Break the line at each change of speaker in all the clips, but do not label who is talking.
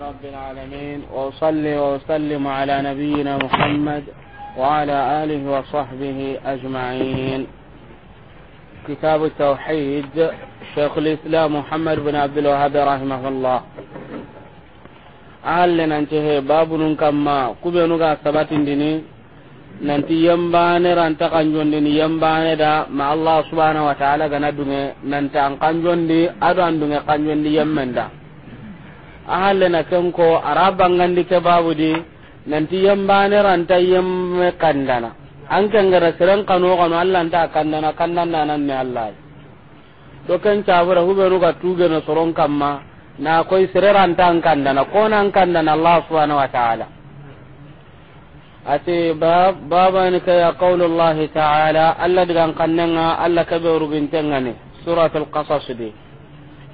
رب العالمين وأصلي وأسلم على نبينا محمد وعلى آله وصحبه أجمعين كتاب التوحيد شيخ الإسلام محمد بن عبد الوهاب رحمه الله أهل ننتهي باب كما كبيرنا ثبات ديني nanti yambane ranta kanjondi yambane da ma Allah subhanahu wa ta'ala gana dunge nanta an kanjondi adu an dunge kanjondi ahalle na kan ko araba ngandi ke babu di nanti yambane ranta yemme kandana an kan gara siran kanu kanu Allah ta kandana kandana nan ne Allah do kan tabura hube no ga tuge na soron kamma na koi sire ranta an kandana ko nan kandana Allah subhanahu wa ta'ala ati bab babani ka ya qaulullahi ta'ala Allah digan kannanga Allah ka be tengane suratul qasas di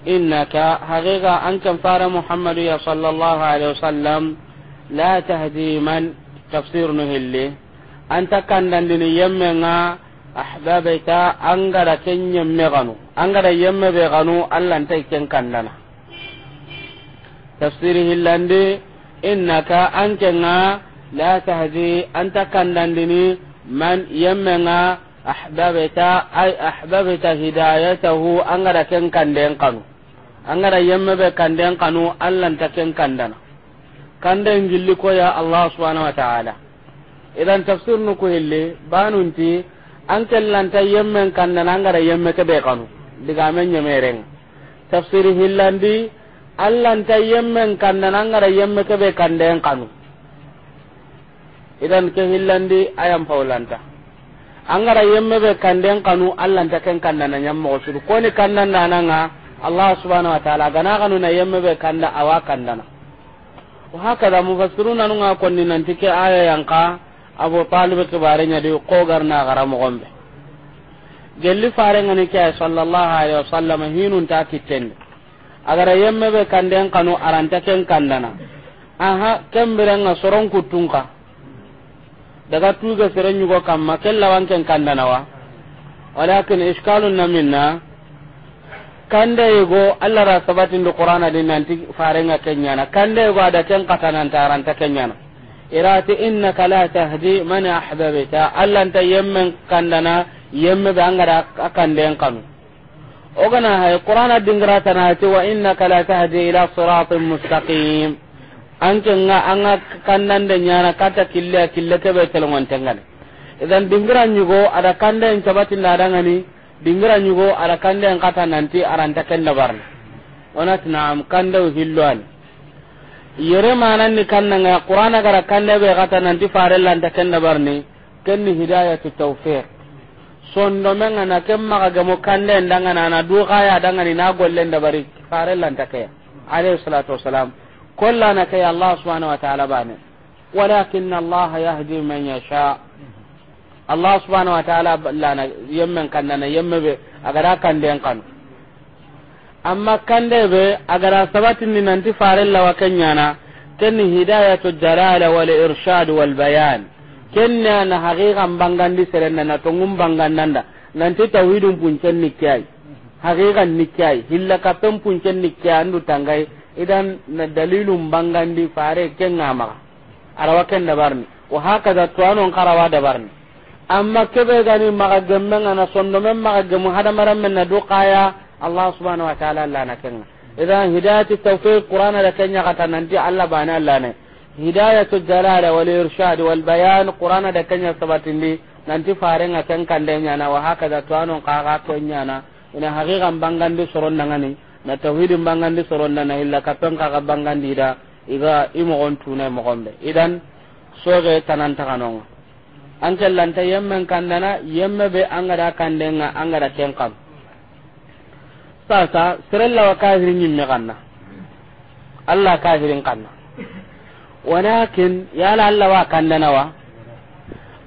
innaka haqiqa an kan fara muhammadu ya sallallahu alaihi wasallam la tahdi man tafsir no an takandan dini yemme nga ahbabta an gara kenyen me ganu an gara yemme be ganu allah ta ken kandana tafsir hillande innaka an kenga la tahdi an takandan dini man yemme nga an kanden kanu angara yemme be kanden kanu allah ta ken kandana kanden gilli ko ya allah subhanahu wa ta'ala idan tafsir nu ko helle banunti an kellanta yemmen kandana angara yemme ke be kanu diga men nyemereng tafsir hillandi allah ta yemmen kandana angara yemme ke be kanden kanu idan ke hillandi ayam paulanta angara yemme be kanden kanu allah ta ken kandana nyammo ko ni kandana nananga allah subhanahu wa ta'ala gana ganu na yemme be a awa kandana wa hakada mufassiruna nunga konni nanti ke aya yanka abu talib kibare nya de ko garna gara mo gombe gelli fare ngani ke sallallahu alaihi wasallam hinun ta kitten agara yemme be kanden kanu aranta ken kandana aha kembere nga soron kutunka daga tuga serenyu ko kamma kella wanken kandana wa walakin iskalun na minna kande yego Allah ra sabati ndu qur'ana din nanti farenga na kande yego ada ken katanan taranta na irati innaka la tahdi man ahbabta Allah ta yemmen kandana yemme be angara akanden kanu ogana hay qur'ana tana ti wa innaka la tahdi ila siratin mustaqim anke nga anga de nyana kata killa killa kebe telongon tengane idan dingran nyugo ada kande en sabati ladangani dingira nyugo ara kande en kata nanti aranta ken labarna ona naam kande hilwan yere manan ni kanna nga qur'ana gara kande be kata nanti fare anta ken labarni ken ni hidayatu tawfiq sondo menga na ken maga gamo kande ndanga na na du kaya danga ni na golle ndabari fare anta kaya alayhi salatu wasalam kollana kay allah subhanahu wa ta'ala bane walakin allah yahdi man yasha' allah subhanahu wa ta'ala lana yemmen kannana yemme be agara en kan amma kande be agara ni nanti farella wa kenyana hidayah to dalala wal irshad wal bayan kenna na haqiqan bangandi serenna na tongum bangandanda nanti tawhidun puncen nikai haqiqan nikai hilla kapen puncen nikai andu tangai idan na dalilun bangandi fare ken ngama arawa ken dabarni wa hakaza tuwanon karawa dabarni amma kebe gani maga gemme ana sondo men maga gemu hada maram men na duqaya allah subhanahu wa ta'ala la na kenga idan hidayatu tawfiq qur'ana da kenya kata nanti allah bana allah ne hidayatu dalala wal irshad wal bayan qur'ana da kenya sabatindi nanti farenga ken nya na wa haka hakaza to anon ko to nyana ina haqiqan di soron nangani na tawhidin bangandi soron nan illa ga bangan di da iga on tunai gonde idan soge tananta kanonga an lanta yemmen kandana yemme be angada kandenga angada ken sasa serella wa kafirin nyimme kanna allah kafirin kanna walakin yala allah wa kandana wa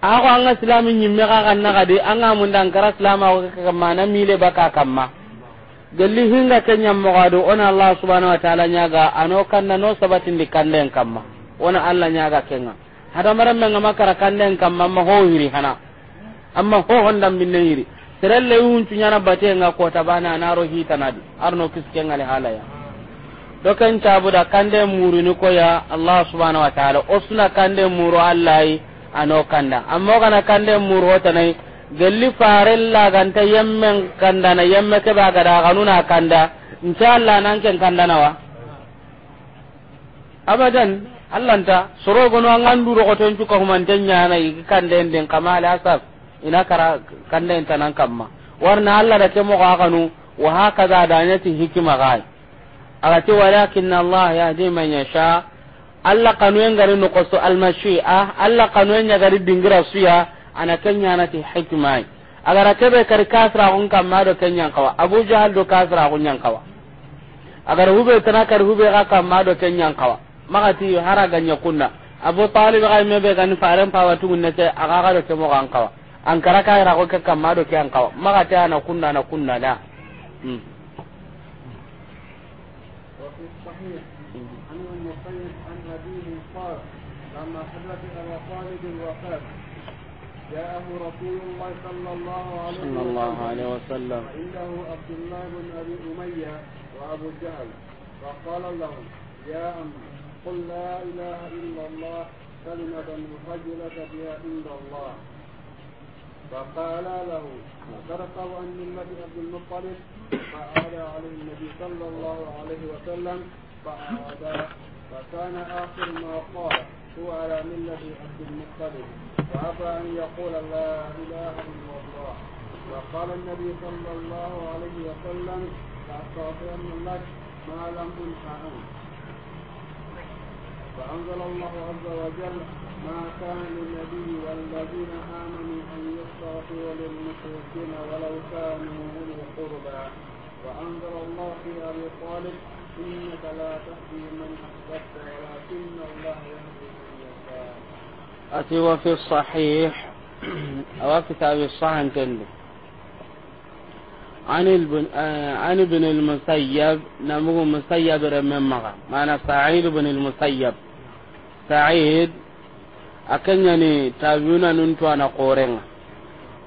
ako anga silami nyimme ka kanna kadi anga dan kara silama ko kamma na mile baka kamma galli hinga kenya gado on allah subhanahu wa ta'ala nyaga ano kanna no sabatin di kanden kamma ona allah nyaga kenga ma men ngama karakanden kamma ma ho hiri hana amma ho honda minne hiri serelle yuncu nyana bate nga kota bana anaro hitanadi arno kiske ngale halaya to kan tabuda kande muru ni ya allah subhanahu wa ta'ala osna kande muru allahi ano kanda amma kana kande muru hotanai gelli farella ganta yemmen kanda na yemme ke baga da kanuna kanda insha allah nan ken kanda wa. abadan allanta sorogono angan duro goton cuka humanten nyana yi kanden den kamala asaf ina kara kanden tanan kamma warna allah da kemo ga kanu wa hakaza danati hikima gai alati walakin allah yahdi man yasha allah kanu en gari no al mashia allah kanu en gari dingira suya ana kenya nati hikima agara kebe kar kasra gon kamma do kenya kawa abu jahal do kasra gon nyankawa agara hube tanakar hube ga kamma do kenya kawa magati haraga nyakunna abu talib ga me be kan faran pawa tunne te aga ga te mo kan kawa an kara ka ra ko ka kamma do ke an kawa magati ana kunna na kunna da
hmm
لما حدث أبا طالب الوفاة جاءه رسول الله صلى الله عليه وسلم, الله عليه وسلم وعنده عبد الله بن أبي أمية وأبو جهل فقال له يا أمي قل لا إله إلا الله كلمة مخجلة بها عند الله فقال له ترقب عن ملة عبد المطلب فعاد عليه النبي صلى الله عليه وسلم فعاد فكان آخر ما قال هو على ملة عبد المطلب فأبى أن يقول لا إله إلا الله فقال النبي صلى الله عليه وسلم لأستغفرن لك ما لم انح عنه فأنزل الله عز وجل ما كان للنبي والذين آمنوا أن يستغفروا للمشركين ولو كانوا أولي قربى وأنزل الله في أبي طالب إنك لا تهدي من أحببت ولكن الله يهدي من يشاء.
أتي وفي الصحيح أو كتاب الصحن عن ابن آه، عن ابن المسيب نمو مسيب رمم مغا معنى سعيد بن المسيب sa'id akanya ni tabiuna nun to ana qorenga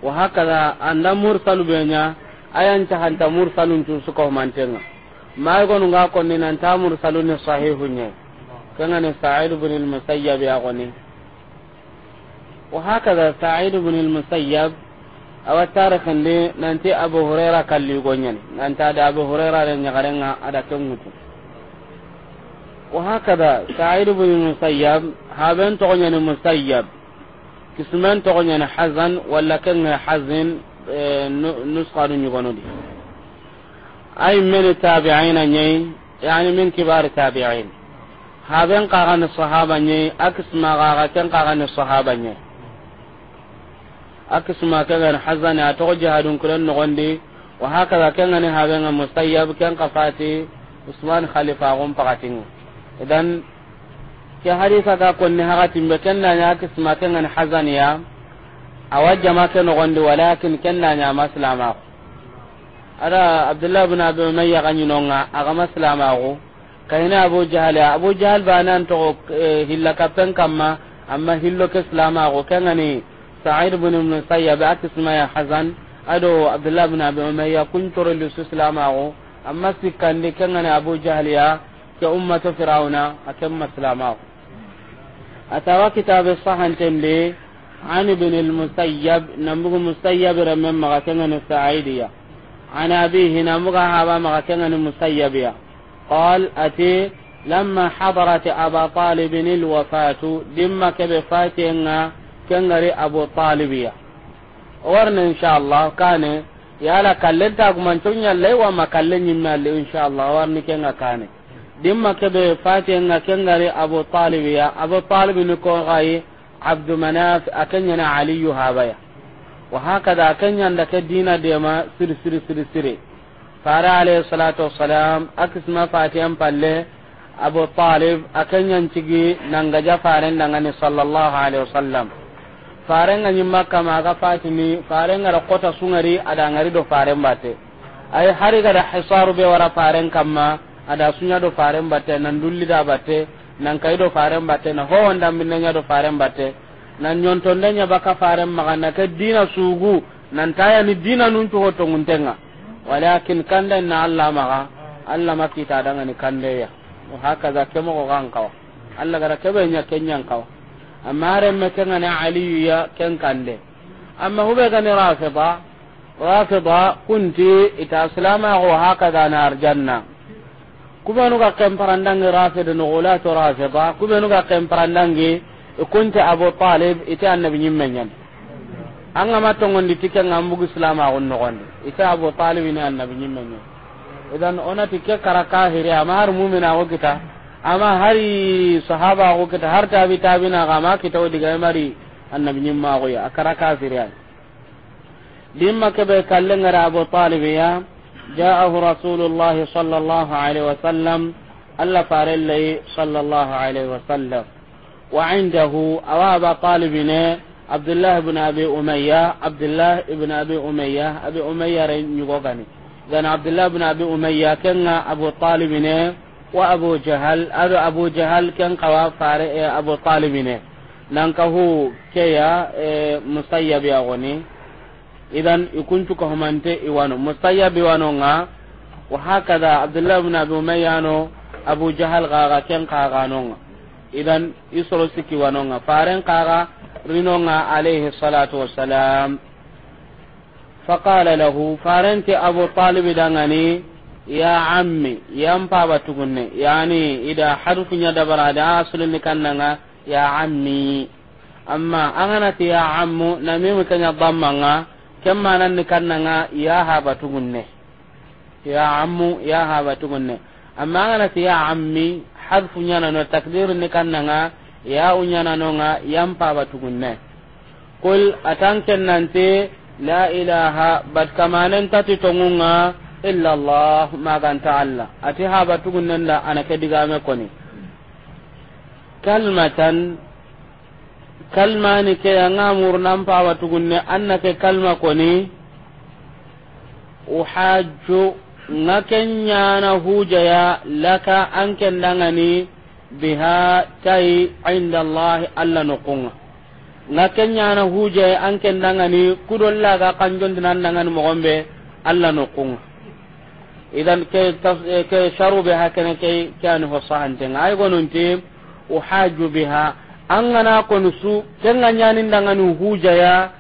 wa hakaza anda mursalu benya ayan ta hanta mursalun tu suko mantenga ma gonu nga konni nan ta mursalun ni sahihunya kana ni sa'id ibn al da abu hurairah وهكذا سعيد بن المسيب هابن تغني المسيب كسمان تغني حزن ولا كان حزن نسخة يغنودي أي من التابعين يعني من كبار التابعين هابن قاغن الصحابة ني أكسما قاغن قاغن الصحابة ني أكسما كان حزن أتوجه دون كلن نغندي وهكذا كان هابن المسيب كان قفاتي عثمان خليفة غم فقاتينه idan ke hadisa ga konni hakatin be kenna nya kisma kengan hazaniya awa jama ke no gonde walakin kenna nya maslama ara abdullah ibn abi umayya ganyi nga aga maslama ko kayna abu jahal abu jahal banan to e, hilla kapen kamma amma hillo ke islama ko ni sa'id ibn musayyab akisma ya hazan ado abdullah ibn abi umayya kun toro lu islama ko amma sikande ni abu jahal ya ke umma to firauna akan maslama atawa kitab sahan tende ani bin al musayyab namu musayyab ramma magatanga na sa'idiya ana bihi namu ga haba magatanga na musayyabiya qal ati lamma hadarat aba talib al wafatu dimma ke be fatenga kengari abu talibiya warna inshallah kane yala kallenta kuma tunya lewa makallenyi mali inshallah warni kenga kane dimma kebe fatenga kengari abu talib ya abu talib ni ko gayi abdu manaf akanya na aliyu habaya wa hakada akanya da ka dina de ma siri siri siri. sir fara alayhi salatu wassalam akisma fatiyan palle abu talib akanya cigi nanga ja faran nanga ni sallallahu alaihi wasallam faran ga nyimma kama ga fatini faran ga kota sungari ada ngari do faran bate ay hari ga da hisaru be wara faran kama ada sunya do faren batte nan dulli da batte nan kay do farem batte na ho wanda minna nya do faren batte nan nyonton nya baka faren magana ka dina sugu nan taya ni dina nun to hoto nguntenga walakin kanda na Allah maga Allah ma kita danga ni kande ya wa haka za kemo ko kan kawa Allah gara kebe nya kenyan kawa amma ran mekenga na aliyu ya ken kande amma hube ga ni rafida rafida kunti ita salama ko haka da na arjanna kubenu ga kemparandange rafida nugulato rafida kubenu ga kemparandange kunti abu talib ite annabi ñimme ñani anga ma tongondi tike nga mbugu islam agun di ite abu talib ine annabi ñimme ñani idan onati ke karaka kahiri ama har mumina go kita ama hari sahaba go kita har tabi tabi na ma kita odiga mari annabi ñimma go ya karaka kafiri ay dimma kebe kallenga abu talib ya جاءه رسول الله صلى الله عليه وسلم ألا فارلي صلى الله عليه وسلم وعنده أواب طالبنا عبد الله بن أبي أمية عبد الله بن أبي أمية أبي أمية رين dan abdullah bin abi umayya kenga abu talib ne wa abu jahal ado abu jahal ken kawa fare abu talib ne nan ka hu keya musayyab ya goni idan ikuncu ka humante iwano mustayab iwano nga wa hakada abdullah ibn abi umayyano abu jahal kaga ken kaga nonga idan isoro siki wanonga faren kaga rinonga alayhi salatu wassalam faqala lahu farenti abu talib dangani ya ammi yan paba tugunne yani ida harfu nya dabara da asulun kannanga ya ammi amma anganati ya ammu namimu kanya bammanga kem manan ni kanna nga ya habatungunne ya ammu ya habatungunne amma ngana ti ya ammi harfu nyana no takdir ni nga ya unyana no nga yam pabatungunne kul atanken nante la ilaha bat kamanen tati tongunga illa allah magan ta'alla ati habatungunne la anake digame koni kalmatan kalma ni ke anga murnan pawa tugunne annaka kalma koni uhajju ngaken nyana hujaya laka anken dangani biha tai inda allah alla nokunga ngaken nyana hujaya anken dangani kudolla ga kanjon dinan dangani mogombe alla nokunga idan ke ke sharu biha kana ke kan hosa antenga ay gonunti uhajju biha angana gana su ken ga nyanin da huja ya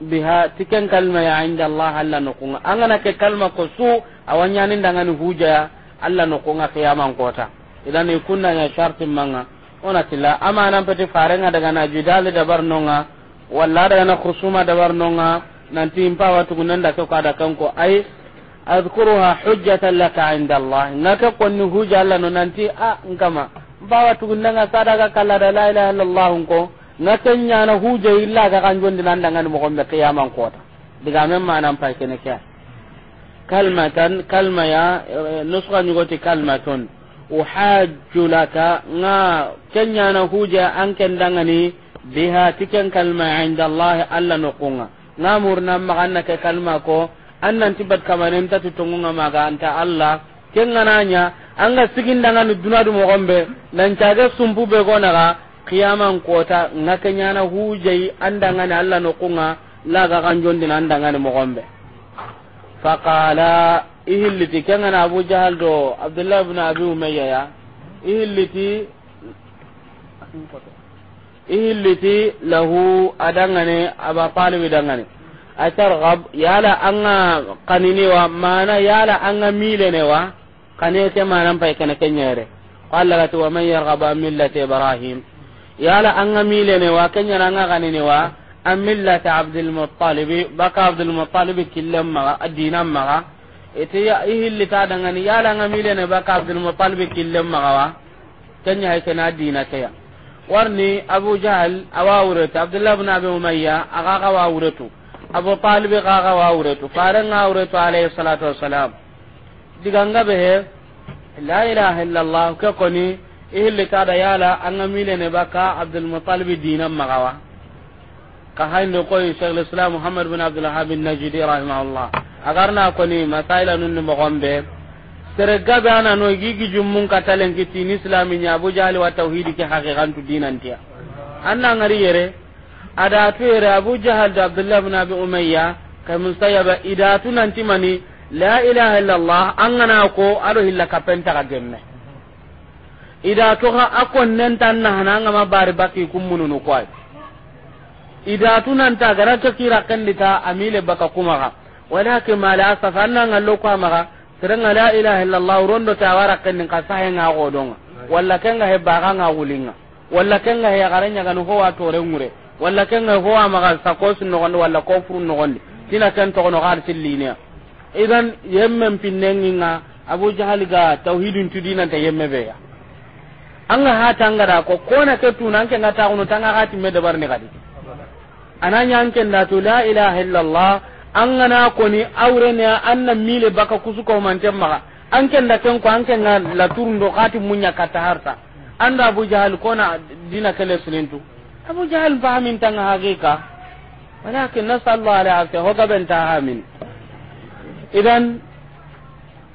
biha tiken kalma ya inda Allah alla no kuma, an ke kalma ko su awan nyanin da ngani huja ya alla no kunga ngota kota idan ikunna ya sharti manga ona tilla nan pete farenga daga na jidale da barnonga walla daga na khusuma da barnonga nanti impa watu kunanda ko kada kanko ai azkuruha hujjatan laka inda Allah ngaka konni huja alla no nanti a nkama bawa sada sadaka kala da la ilaha illallah ko na tanya na huje illa ga kan jondi nan dangan mo gombe ko ta diga men nan pai kene kya kalmatan kalma ya eh, nusra nyugoti kalmatun uhajju laka nga tanya na huje an ken dangani biha tiken kalma inda allah alla nuqunga na murna maganna ke kalma ko annan tibat kamane ta tungunga maga anta allah kengananya anga sigindanga ni dunadu mogombe nancaga sumpu be gonaga qiyaman kota na hujai andangani allah nokunga laga kanjondina andangani mogombe faqala ihilliti kengana abu jahal do abdullah ibn abi umayya ya ihilliti ihilliti lahu adangane aba palu dangane atarghab yala anga kanini wa mana yala anga ne wa kanete manan pay kana kenyere qala lati wa man yarghabu an millati ibrahim yala anga ne wa kenyana anga kanini wa an millati abdul muttalib baka abdul muttalib killam ma ma ite ya ihilli ta yala anga baka abdul muttalib killam ma wa kenya hay kana dina kaya warni abu jahl awawrata abdullah ibn abi umayya aga abu talib ga ga wawretu faran wawretu alayhi salatu wassalam diganga be la ilaha illallah ke koni ihilli kada yala anga mile ne baka abdul dinan magawa ka hande koy shaykhul islam muhammad bin abdul wahhab an-najdi rahimahullah agarna koni masaila nun mogombe gabe ana no gigi jummun katalen islami nya abu wa tauhidi ke haqiqan tu adatu yere abu jahal da abdullah bin abi umayya ka mustayaba idatu nan timani la ilaha illallah an gana ko ado hilla kapenta ka gemme idatu ha akon nan tan na hananga ma bari baki ko kwai idatu nan ta gara ta kira kandita amile baka kuma ha walakin ma la asafa nan allo kwa maga sereng la ilaha illallah rondo ta wara kan ka sahen nga godon walla kenga he baga nga wulinga walla kenga he garanya kan ho wa tore ngure wala walla kenga ho amaga wala ko walla kofuru nogondi tina ken togono xaar sillinea idan yemmen nga abu jahal ga tawhidun ya. yemme ɓeya anga hata da ko kona ke tuna anke nga taxuno tanga xa timme debarni xadi ananya da tu la ilaha illallah an ko ni koni an na mile baka man kusukomanten an ken da ken ko an la nga laturundo xati munya kata harta anda abu jahal kona dina kale sunintu abu jahal fahamin tan haqiqa walakin nasallu ala afi ta hamin idan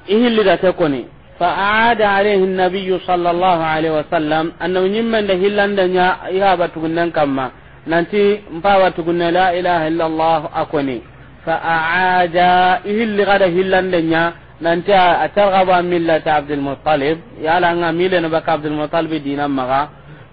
an-nabiy sallallahu alaihi wasallam annahu yimman da hillanda a targaba millata abdul muttalib ya la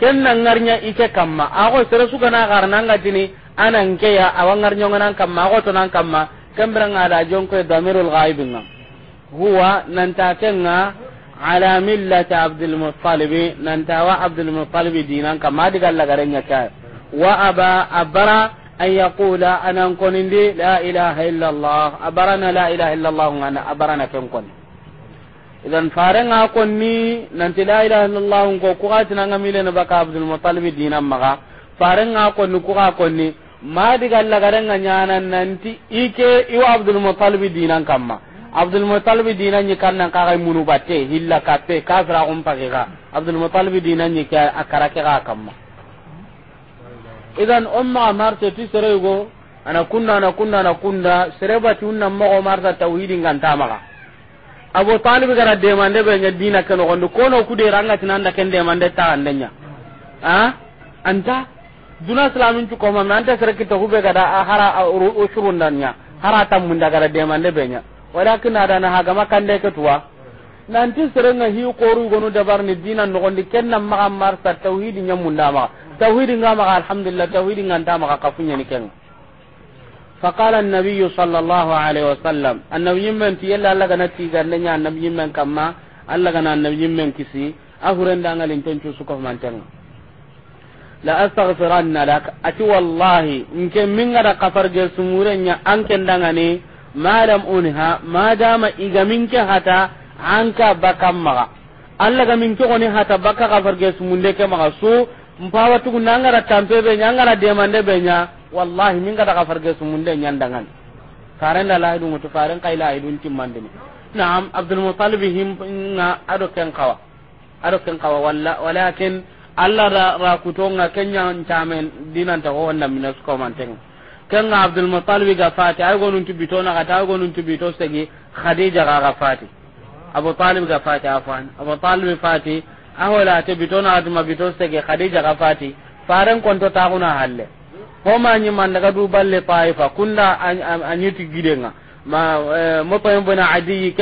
kenna ngarnya ike kamma ago sere suka na garna ngatini anan ke ya awan ngarnya ngana kamma ago to nan kamma kambra ngada jonko damirul ghaib ngam huwa nan ta kenna ala millati abdul muttalib nan ta wa abdul muttalib dinan kamma diga la garenya ta wa aba abara an yaqula anan konindi la ilaha illa allah abarana la ilaha illa allah ngana abarana ken koni idan farenga konni nanti la ilaha illallah ko ko atina ngamile na baka abdul muttalib dinan maga farenga konni ko ka konni ma diga lagarenga nyana nanti ike iwa abdul muttalib dinan kamma abdul muttalib dinan ni kannan ka kai munu batte hilla kappe kafira um pakega abdul muttalib dinan ni ka akara ka kamma idan umma marte ti serego ana kunna ana kunna ana kunna serebati unna mo marta tauhidin kan tamaga abu talib gara demande be nya dina kan gondo kono ku de ranga tinanda ken demande ta andanya ha anta duna islamin cu koma me anta sere kita hube gada hara usurun danya hara tamun da gara demande be nya walakin ada na hagama kan de ketua nanti sere nga hi koru gonu dabar ni dina no gondi ken nam ma mar sa tauhid nya munda ma tauhid nga ma alhamdulillah tauhid nga anta ma kafunya ni ken فقال النبي صلى الله عليه وسلم النبي من تيلا الله كان تيجر لنا النبي من كما الله كان النبي من كسي أهرن دعنا لنتنشو سكف من تنو la astaghfiranna da kafar ge sumurenya anke ndangane madam mpawa tugu nangara tampe ɓeña angara demande nya wallahi min gata ka nyandangan sumunde la laidu mutu karen kay lahidun timmandini naam him himna ado ken kawa ado ken kawa walla walakin allah ra rakutonga kenya ncamen dinanta manteng ken sukomantenga abdul muttalib ga fati ay gonunti na kata gonun gonunti bito segi khadija ga ga fati abu talib ga fati afan abu talib fati ahola te bitona atuma bito sege khadija ga fati faren konto taxuna halle nyi man daga du balle taifa kunda a ñiti gidenga ma eh, motoyen bona adiyi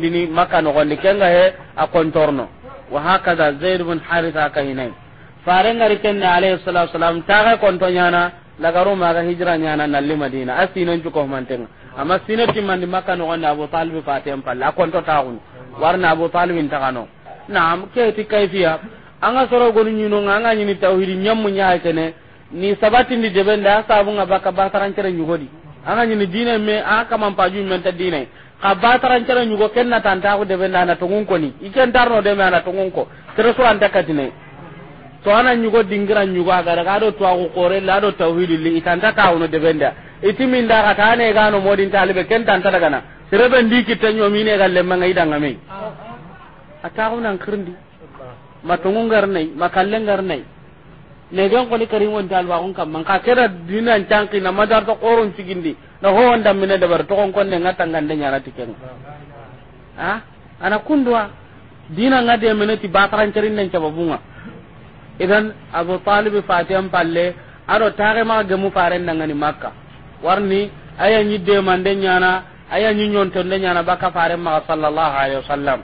dini maka no gonde kenga he a kontorno wa hakaza zaid bun harisa ka ngari ken na alayhi salatu wasalam ga konto ñana ga hijra ñana nalli madina a ko cukohmantenga amma sine maka no gonde abu talibi faten pal a konto taxunu warna abu talibin taxano naam keti kayfiya anga soro gonu nyino anga nyini tauhidi nyammu nyaa kene ni sabati ndi deben da sabu nga baka bataran cere nyugodi anga nyini dine me a kaman paju men ta dine ka bataran cere nyugo kenna tanta ko deben da na tungun ko ni iken darno de me na tungun ko tere so anta katine to ana nyugo dingira nyugo agara ga do to ko kore la do tauhidi li itanta ta wono deben da itimin da ka tane ga no modin talibe ken tanta daga na serebe ndiki tanyo mine ga lemma ngai danga me ah, ah. ataxunan kirndi matongun garnai makallen garnai negen koni kari wonta alwaxun man ka keda dinan na madar to qorun cigindi na da bar to kon ne nga ngande nyara tiken ha ana kunduwa dina nga cerin nan caba bunga idan abu talib fatiham palle mu faren gemu ngani makka warni ayañi demande ñana ayañi ñontonde nyana baka faren ma sallallahu alaihi wasallam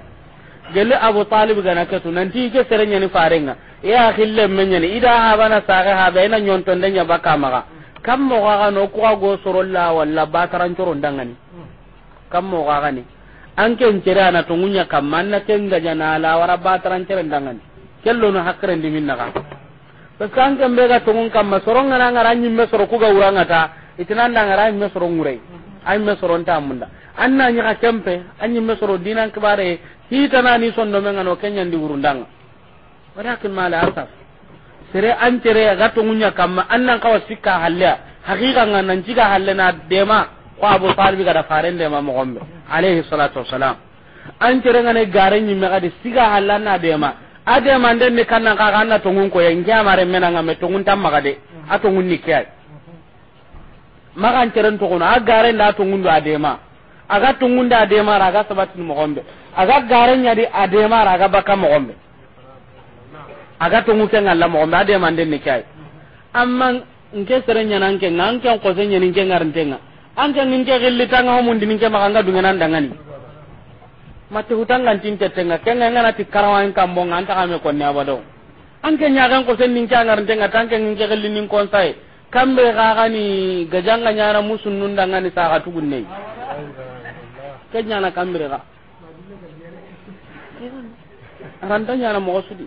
gelle abu talib gana ketu ti ke serenya ni farenga ya khille menya ni ida habana saga haba ina nyonton denya baka maga kam mo ga no ko go sorolla walla taran coron dangani kam mo ga ni an ken cere na to ngunya kam manna ken ga jana la wara taran cere dangani kello no hakre ndi minna ga to kan ken be ga to ngun kam masoronga na ngara nyimme soro ku ga uranga ta itinan ngara nyimme soro ngure ay mesoron ta munda anna ka kempe anyi mesoro dinan hita na ni sondo menga no kenya ndi urundanga walakin mala asaf sere an tere ga to munya kama annan ka wasika halya haqiqa ngan nan jiga halena na dema ko abu talib ga da faren dema mo gombe alayhi salatu wassalam an tere ngane garen nyi mega de siga halana na dema ade den ne kanna ka ganna to ngun ko yang jamare mena me to ngun tamma ga de ato ngun nikya makan teren to kono garen da to ngun do adema aga tungunda ademara aga sabatini mogombe aga gareñadi ademara aga baka mogombe aga tungu ke ngalla ade mande ni kai amma nke sere ñana nke nga anken kose ni nke ngarintenga anke ninke xillitanga homundi ninke maxa nga dungenan dangani mati hutangantin tettenga kenga nganati karawain kambonga antaxame konne abado anke ñaxen kose nke a ngarintenga tanke ninke xillinin konsaye kambe ni gajanga ñana sa saxa tugunne. kenya na kamire ga aranta nya na mo sudi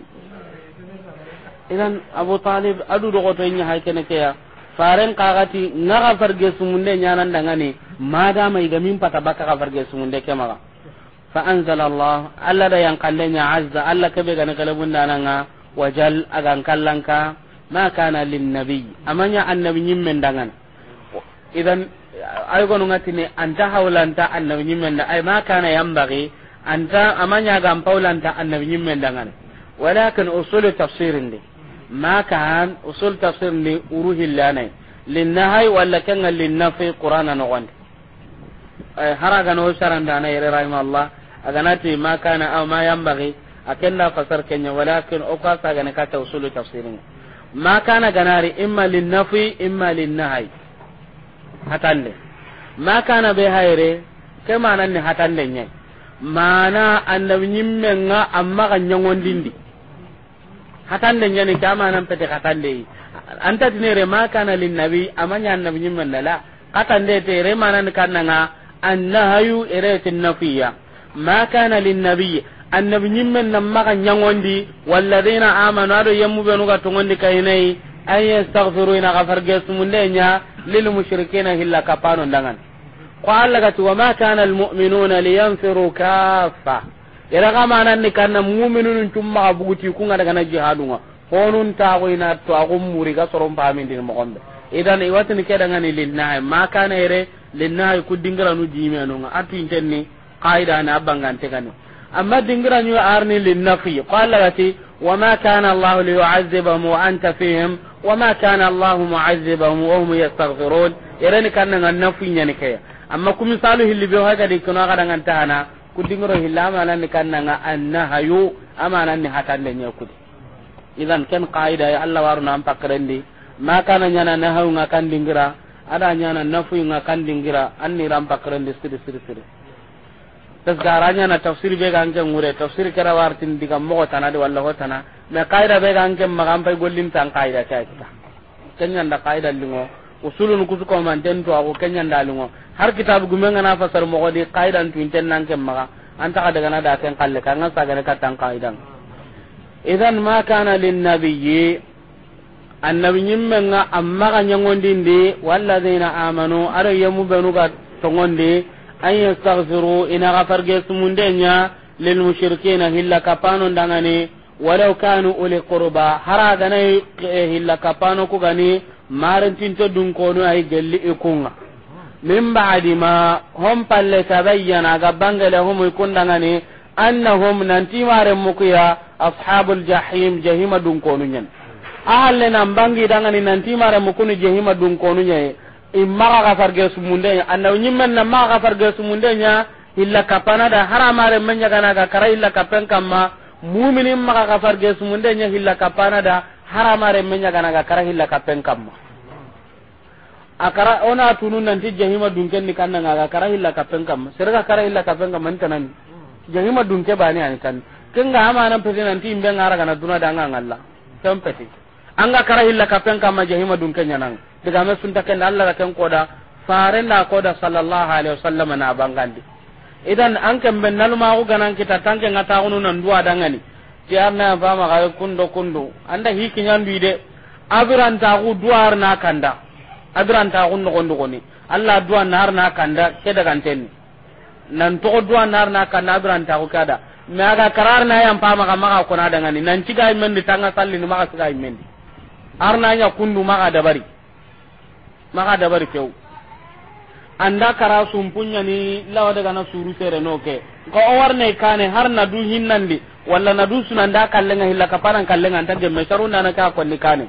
idan abu talib adu do goto nya hay kene ke ya faren kagati ga farge sumunde nyana ndanga ni mada mai ga min pata baka ga farge sumunde ke ma fa anzala allah alla da yang kallenya azza alla ke be ga ne kalabun dana nga wajal agan kallanka ma kana lin nabi amanya annabi nyimmen dangan idan ay gonu ngatini anta hawlanta annabi nyimmenda ay ma kana yambagi anta amanya gam paulanta annabi nyimmenda ngane walakin usul tafsir ndi ma kan usul tafsir ni uruhi lanai linnahi walla kanga linnafi qur'ana no gon ay haraga no saranda na yere rahim allah aganati ma kana aw ma yambagi akenna fasar kenya walakin o ka saga ne kata usul tafsir ma kana ganari imma linnafi imma linnahi hatande ma kana be hayre ke manan ni hatande nyai mana anda nyimme nga amma kan dindi hatande nyani ka manan pete hatande anta tinere ma kana lin nabi amanya annabi nyimme ndala katande te re manan anna hayu ere nafiya ma kana lin nabi annabi nyimme nan maga di walladina amanu aɗo yemmuɓenuga tongon di kayinai ayya ina ghafar gesumunden ña lil mushrikina hilla kapano dangan ko Allah gati wa ma kana al mu'minuna liyanfiru kaffa ira kama nan ni kanna mu'minun tumma ku kunga daga na jihadunga honun ta ko ina to agum muri ga soron pamin din mo gonde idan iwatin ke daga ni linnahi ma kana ire linnahi ku dingara nu jimi anunga atu tenni qaida na abangante kanni amma dingira nyu arni linnafi qala lati wama kana allah liyu'azzibahum wa anta fihim wama kana allah mu'azzibahum wa hum yastaghfirun irani kanna ngan nafi nyani kaya amma ku misalu hilli be haga de kuna kada ngan tahana ku dingiro hillama nan kanna an nga annahayu amana ni hatande nyakudi idan ken qaida ya allah waruna am pakrendi makana nyana nahawu nga kan dingira ada nya nafu nga kan dingira anni ram pakrendi siri siri siri tas garanya na tafsir be ganke ngure tafsir kara wartin diga mo tana de wallahu tana me qaida be ganke magam pay gollin tan qaida ta kita kenya nda qaida lingo usulun ku su ko man den to ko kenya nda lingo har kitab gumen na fasar mo di qaida tin ten nan kem maga anta daga na da kan kalle kan sa ga ka tan qaida idan ma kana lin nabiyyi annabi nyimmenga amma ga nyangondi walla wallazina amanu aro yamu benu ga tongondi an yastaghfiru ina gafarge sumundenya lil mushrikina hilla kapano dangane walau kanu uli qurba hara ganai hilla kapano ku gani marantinto dun kono ay gelli ikunga min baadi ma hom palle tabayyana ga bangale hum ikun dangane annahum nanti mare mukiya ashabul jahim jahima dunkonu kono nyen ahalle nan bangi dangane nanti mare mukunu jahima dunkonu kono nyen imma ga farge sumunde annaw nyimmen na ma ga farge su nya illa kapana da haramare menya kana ga kara illa kapen kamma mu'minin ma ga farge su nya illa kapana da haramare menya kana ga kara illa kapen kamma akara ona tunun nanti jahima dunken ni kanna ga kara illa kapen kama serga kara illa kapen kamma tanani jahima dunke bani an kan kenga amana pete nanti imbe ngara kana duna da ngalla tempete anga kara illa kapen kama jahima dunken nya nang daga me sunta ken Allah raken koda faren na koda sallallahu alaihi wasallam na bangandi idan an kan ben naluma ko ganan kita tanke ngata kunu nan duwa dangani ti arna ba ma ga kundo kundo anda hiki nyandu ide abiran ta ku duwar na kanda abiran ta ku nogondo koni Allah duwa nar na kanda ke daga tenni nan to duwa nar na kanda abiran ta ku kada
me aga karar
na yan pa ma ga ma ko na dangani nan ciga men di tanga salli ni ma ga ciga men di arna nya kundu ma ga dabari maka bari kew anda kara sumpunya ni lawa daga na suru sere no ke ko owar ne kane har na du hinnandi walla na du sunanda kallenga hilla kaparan kallenga anta gemme sarunda na na ka ko ni kane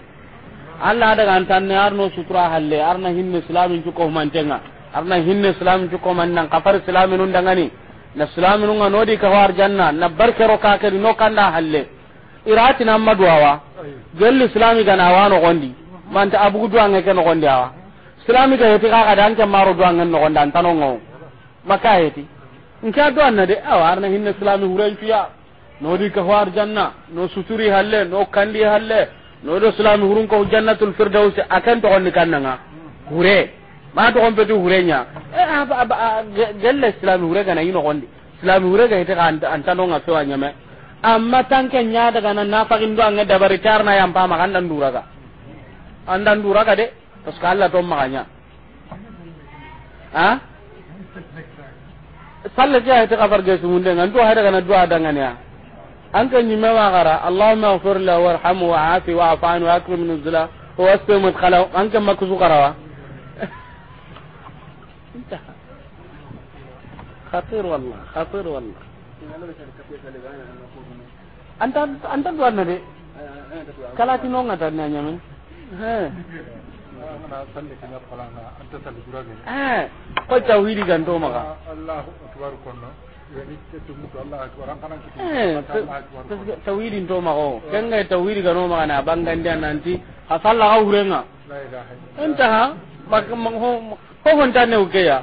Allah daga antan ne har no sutura halle har na hinne islamin ju cuko mantenga na hinne islamin ju cuko mannan kafar islamin nun dangani na islamin nun nodi ka war janna na barke ro ka ke no kanda halle irati na madwawa gel islami na wano gondi man ta abugu duanga no gondi awa silami ga yeti kaka dan ke maro do angen no gonda antano ngo maka yeti nka do na de awar ah, na hinne silami huran fiya no di ka war janna no suturi halle no kandi halle no do silami hurun ko jannatul firdaus akan to onni kannanga hure ma to on peti hurenya eh ah, ah, gelle silami hure kana yino gondi silami hure ga yeti ka antano nga fewa nyame amma tanke nya daga na nafakin do angen dabari tarna yam pa makan dan duraga andan duraga de parce que Allah ton maganya ha salla ke ayta kafar ge sumunde ngan to daga kana dua dangan an kan ni mewa gara Allahumma ighfir lahu warhamhu wa'afi wa'fu wa akrim wa wasfi madkhala an kan makuzu qarawa khatir wallah khatir wallah anta anta duan de
kalati eh ko tawhidi gan to maga allahu akbar konno
tawhidin to eh, mago eh. kenga e tawhidi gano maga na bangandi nanti asalla ga urenga enta ha
mang ho
ho honta ne ukeya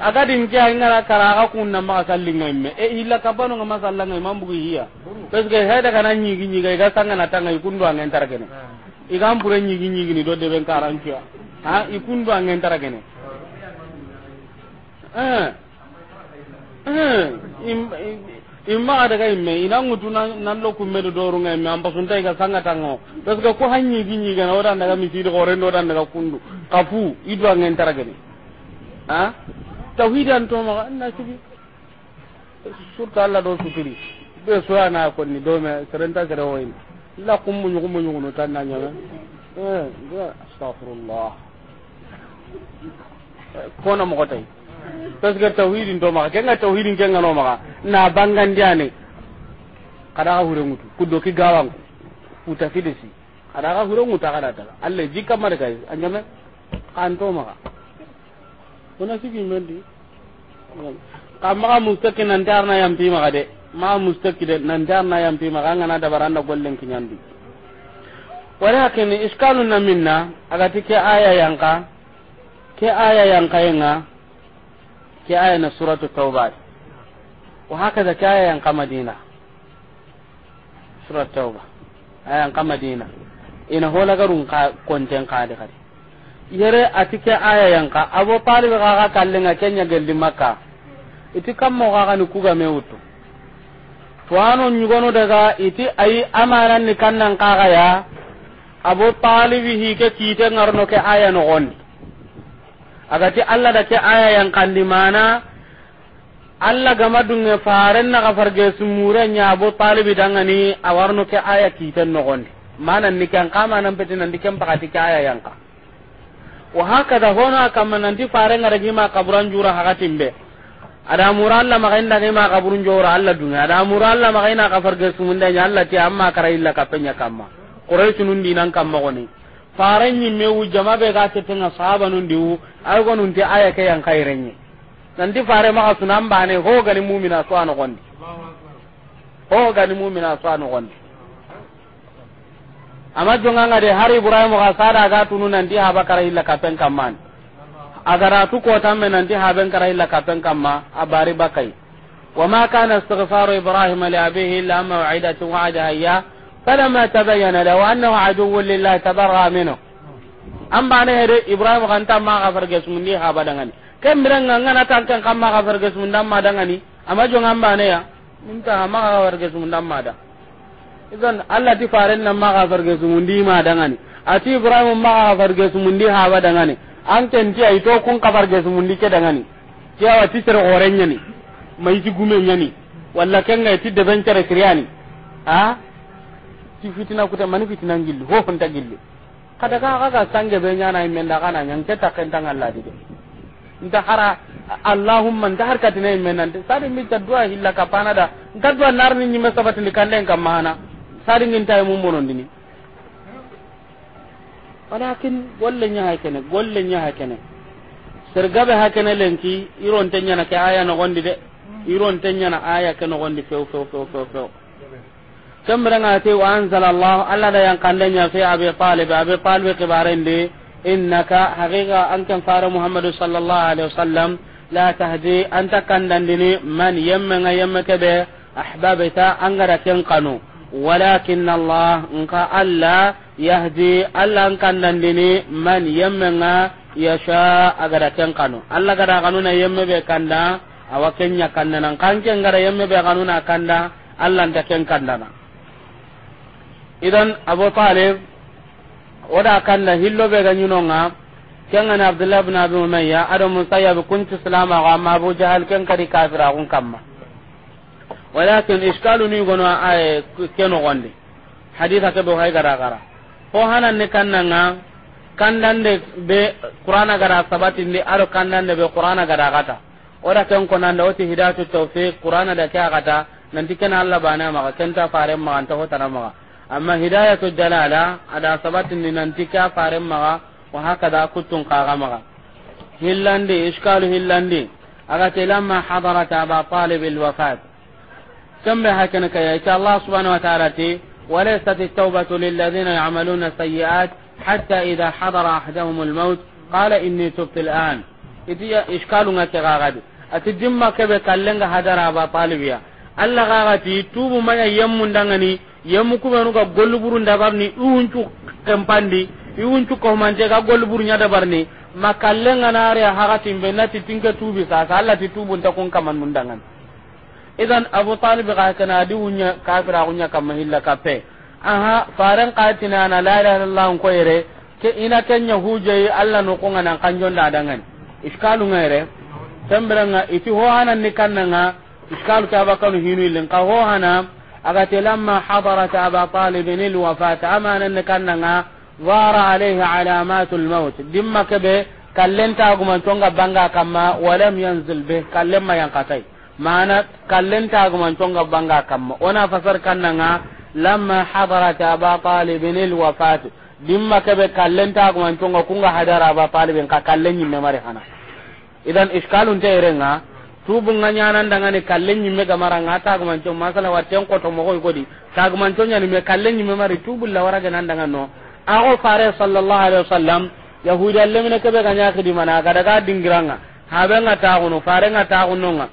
aga din ke angara kara ga kunna ma sallinga imme e illa kabano ngama sallinga imam bugi hiya pesge heda kana nyigi nyiga ga sanga na tanga ikundu angen targene eh. igam pure nyigi nyigi ni do de ben karantia
ha ikundu
an entara gene eh eh im imma ada kai me inangu tuna nan lo kumme do doru ngai me amba sunta ga sanga tango bas ga ko hanyi gi nyi gana ora ndaga mi tiro ore ndo ndaga kundu kafu idu an entara gene ha tauhid an to ma anna sibi surta alla do sutiri be so ana ko ni do me serenta gara woni la kum mu nyugo mu nyugo no tan na nyaga
eh astaghfirullah kono mo kotay
parce que tawhid ndo ma kenga tawhid kenga no ma na bangan diane kada hure mutu kuddo ki gawan uta kidesi kada hure mutu kada ta alle jikka mar kai anjame to ma kuna sigi mendi kamma mustakin nan darna yam bi ma de ma mustakide nan danna yampi ma kanga na dabaranda gollen kinyandi walakin na minna agati ke aya yanka ke aya yanka yenga ke aya na suratu tauba wa hakaza ke aya yanka madina suratu tauba aya yanka madina ina hola garun ka konten ka de kadi yere atike aya yanka abo pali ga ga kallenga kenya gelli makka iti kammo ga ga ni kuga mewutu tuwano nyugonu daga iti ayi amanan ni kannan kaga ya abu talibi ke kite ngarno ke aya no gondi ti alla da ke aya yang kandi mana alla gama dunge faren na gafarge sumure nya abu talibi dangani awarno ke aya kite no gondi mana ni kan kama nan peti nan dikem pakati ke aya yang ka wa hakada hono akamman nan ti faren ngaragi ma kaburan jura hakatimbe ada mura Allah maka da ngai maka burun jora Allah dunya ada mura Allah maka ina ka farga da nya Allah ti amma kara illa ka penya kamma quraish nun dinan kamma goni faran yin mewu jama be ga tetin sahaba nun diu ay gonun ti aya ke yang nan di fare maka sunan bane ho gani mu'mina so an gondi ho gani mu'mina so an gondi amma jonga ngade hari ibrahim ga sada ga tununan di haba kara illa ka pen kamman agaratu kotanɓe nanti haben kara illa kapen kamma a bari bakay wama kana istighfar ibrahim li abihi illa mawcidatin wacadaha iya falamma tabayyana law annahu aduwwu lillahi tabarra minhu an bane hede ibrahima kantanma gafargesumundi habadangani ken mirenga ngana tanken kamma gafargesumundanma dangani ama jongan baneya mintaha maga gafargesumundanma da idan allah ti faren nan maga gafargesumundi ma dangani ati ibrahima maga gafargesumundi habadangani anten tiya ito kun kabar gesu mundi ke dangani tiya wa ti orenya ni mai ti gume ni walla ken ngai ti deben tere kriani ha ti fitina kuta mani fitina ngilli ho honta gilli kada ka ka sange be nyana imenda kana nyang ke ta ken tangal ladi nta hara allahumma nda har katina imenan sadi mi ta dua hilla kapana da ngadwa narni nyi masabati ni kanden kamana sadi ngintai mum ndini walakin golle nya hakene golle nya hakene sergabe hakene lenki iron tenya na ka aya no gondi de iron tenya na aya ka no gondi fe fe fe fe fe kamra nga te wa anzala allah alla da yan kandanya fi abi talib abi talib ke kibarende innaka haqiqa ankan fara muhammadu sallallahu alaihi wasallam la tahdi anta kandandini man yamma nga yamma kebe ahbabita angara ken kanu walakin allah nka alla yahdi alla dini man yamma nga yasha agara ken kanu alla gada kanuna yemme be kanda awa kenya kanda nan kanke gara yemme be kanuna kanda alla nda ken na idan abu talib oda kanda hillo be no nga kengan abdullah ibn abi umayya ado musayyab kunti salama wa ma abu jahal ken kadi kafira kun kamma walakin iskalu ni gono ay keno gonde hadith ke bo gara gara ho hanan ne kannanga kandande be qur'ana gara ni aro be qur'ana gara gata ora ken ko tawfiq qur'ana da ke gata nanti kana Allah bana maka kenta fare ma anta ho tanama amma hidayatu dalala ada ni fare ma wa kutun hillandi iskalu hillandi aga telama كم هكذا كيا الله سبحانه وتعالى تي وليست التوبة للذين يعملون السيئات حتى إذا حضر أحدهم الموت قال إني تبت الآن إتي إشكالنا كغاغد أتدم كبه كالنغ هدر أبا طالبيا alla gagati tubu maya yemmu ndangani yemmu kubenu ga golluburu kempandi ga makallenga nare tubi ti tubu idan abu talib ga kana di wunya kafira wunya kam hilla kape aha faran qatina na la ilaha illallah ko yere ke ina kenya huje allah no ko ngana kanjon jonda dangan iskalu ngere tambiranga iti ho hanan ni kannanga iskalu ta bakanu hinu ilin ka ho hana aga telamma hadarat aba talib al wafat amana ni kannanga wara alayhi alamatul maut dimma kebe kallenta gumantonga banga kama walam yanzil be kallema katai mana kallen taguman conga banga kamma ona fasar kannanga lamma ta ba talibin alwafat dimma kebe kallen taguman ga kunga hadara ba talibin ka kallen yin mari hana idan iskalun te nga tubun nga nyanan ni ne kallen nyimme gamara nga taguman conga masala watten ko di mogoy godi taguman conga ni me kallen yin mari tubu la waraga nan daga no ago fare sallallahu alaihi wasallam yahudi allemine kebe ganya khidimana mana ga dingiranga habe nga taguno fare nga taguno nga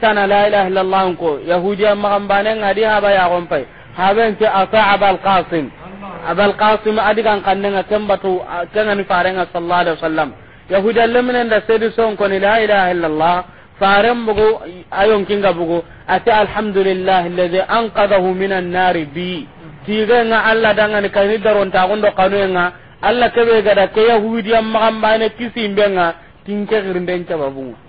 tana la ilaha illallah ko yahudiya magambanen adi haba yagon pay habenke ata abalkasim abalkasim adigan kannenga kembatu kengani farenga sallallahu alaihi wasallam yahudiya nda sedi ni la ilaha illallah faren ayon kinga bugo ati alhamdulillah alladhi anqadahu minan nar bi tigenga allah dangani kani darontagundo kanuenga allah kebe gada ke yahudiya magambane nga tinke girnden cababunga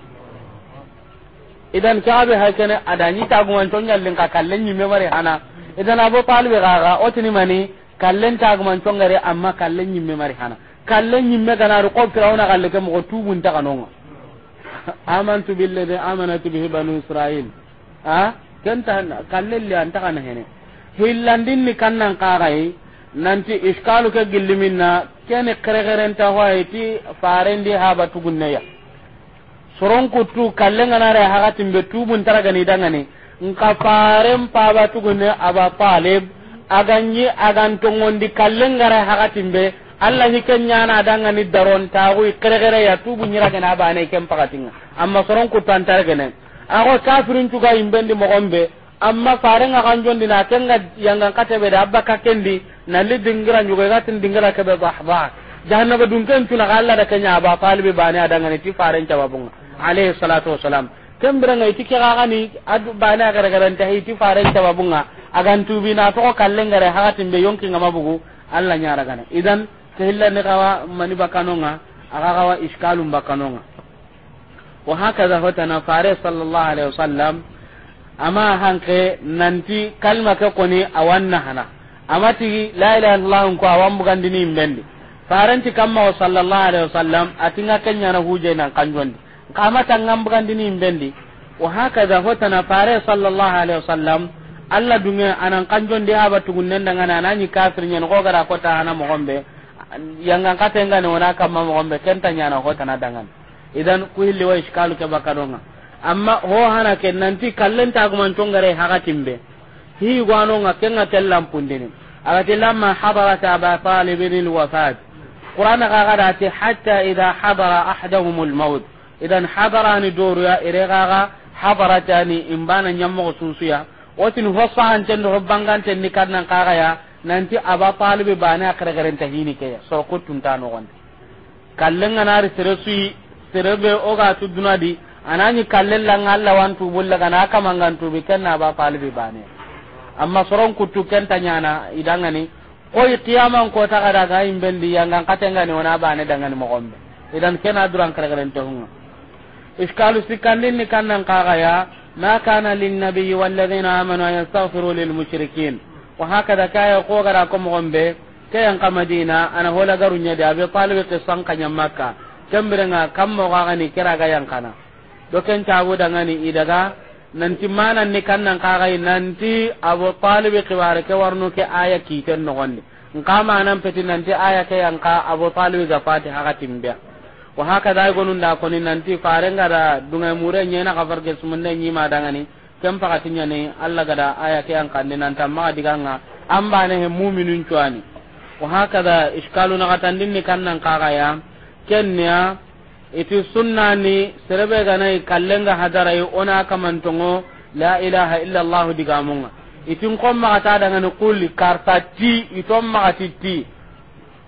idan ha kene adani taguman to nyallin ka kallen me mare hana idan abo talbe gaga otini mani kallen taguman to ngare amma kallen me mare hana kallen nyimme kana ru qofira ona kalle ke mo tubun ta kanonga amantu billahi amanatu bihi banu israil ha ta kallen li anta kana hene hillandin ni kannan qarai nanti iskalu ke gilliminna kene kere kere ta hoye ti farendi haba tugunneya soron kuttu kallenganare hakatimbe tubun taragani dangani nka faren pabatugune aba talib aganyi agantongondi kallengare hakatimbe allah ni hiken ñana dangani daron taxuy kere ya tubu ñiragene ne ken pakatinga amma soron kuttu antaragene ako kafirincuga yimbendi mogonɓe amma farenga kan jondina kenga yangan da abba kakendi nalli dingira ñugoygatin dingira keɓe bahbah jahannaba dunken cuna ka allah da kenya aba talibe bane adangani ti faren cababunga alayhi salatu wasalam kan bira ngai tike ga gani adu bana gara gara nta iti faran babunga agan tubi na to ha tin be yonki ngama bugu Allah nyara gana idan tehilla ne kawa mani bakanonga aga kawa iskalum bakanonga wa hakaza na fare sallallahu alaihi wasallam amma hanke nanti kalma ka koni awanna hana amma ti la ilaha illallah ko awan bugandini imbendi faranti kamma sallallahu alaihi wasallam atinga kenya na huje nan kanjondi ngam bukan dini imbendi wa hota hotana fare sallallahu alaihi wasallam alla dunga anan kanjon dia haba tugunnen daga na nani kafir nyen ko gara ko ta ana mo gombe yanga katenga ne wona kama mohombe kenta nyana ko na dangan idan ku hilli wa iskalu ke bakadonga amma ho hana ke nanti kallen ta kuma tongare timbe hi gwano nga kenga tellam pundini ma habara ta ba talibin wafat qur'ana ga gara ti hatta idha hadara ahaduhum maut idan hadarani doruya iregaga habaratani imbana ñammogo sunsuya wotin hossahantenni hobbangantenni kaga ya nanti aba talibe bane a keregerenta hini keya soroko tunta nogondi kallenganari sere suyi serebe ogatu dunadi anani kallen langa allah wantubulla gana kamangantubi kenna aba talibi bana amma soron kuttu kenta ñana idangani koy qiyaman kotagadaga imbendi yangan ni wona bane dangani gombe idan kena duran keregerente hunga iskalu sikandinni kannan kaxaya ma kana linnabiyi walladina amanu an yastaghfiru lilmushrikin wa hakada kaya kogara madina ana hola garunyadi abe talibe kissan kanya makka kembirenga kammoxaxani keraga yankana idaga nanti manan ni kannan yanka abo talibe gafati wa hakada gonun da koni nanti fare da dunga mure nyena ka farge sumunde nyi ni kem pakati nyane alla gada aya ke an kan nan tamma diganga amba ne he mu'minun tuani wa da iskalu na din ni ka ga ya kenya iti sunnani serebe nai kallenga hadarai ona kamantongo la ilaha illa allah digamunga ma ta kata ni kulli ma ti ti.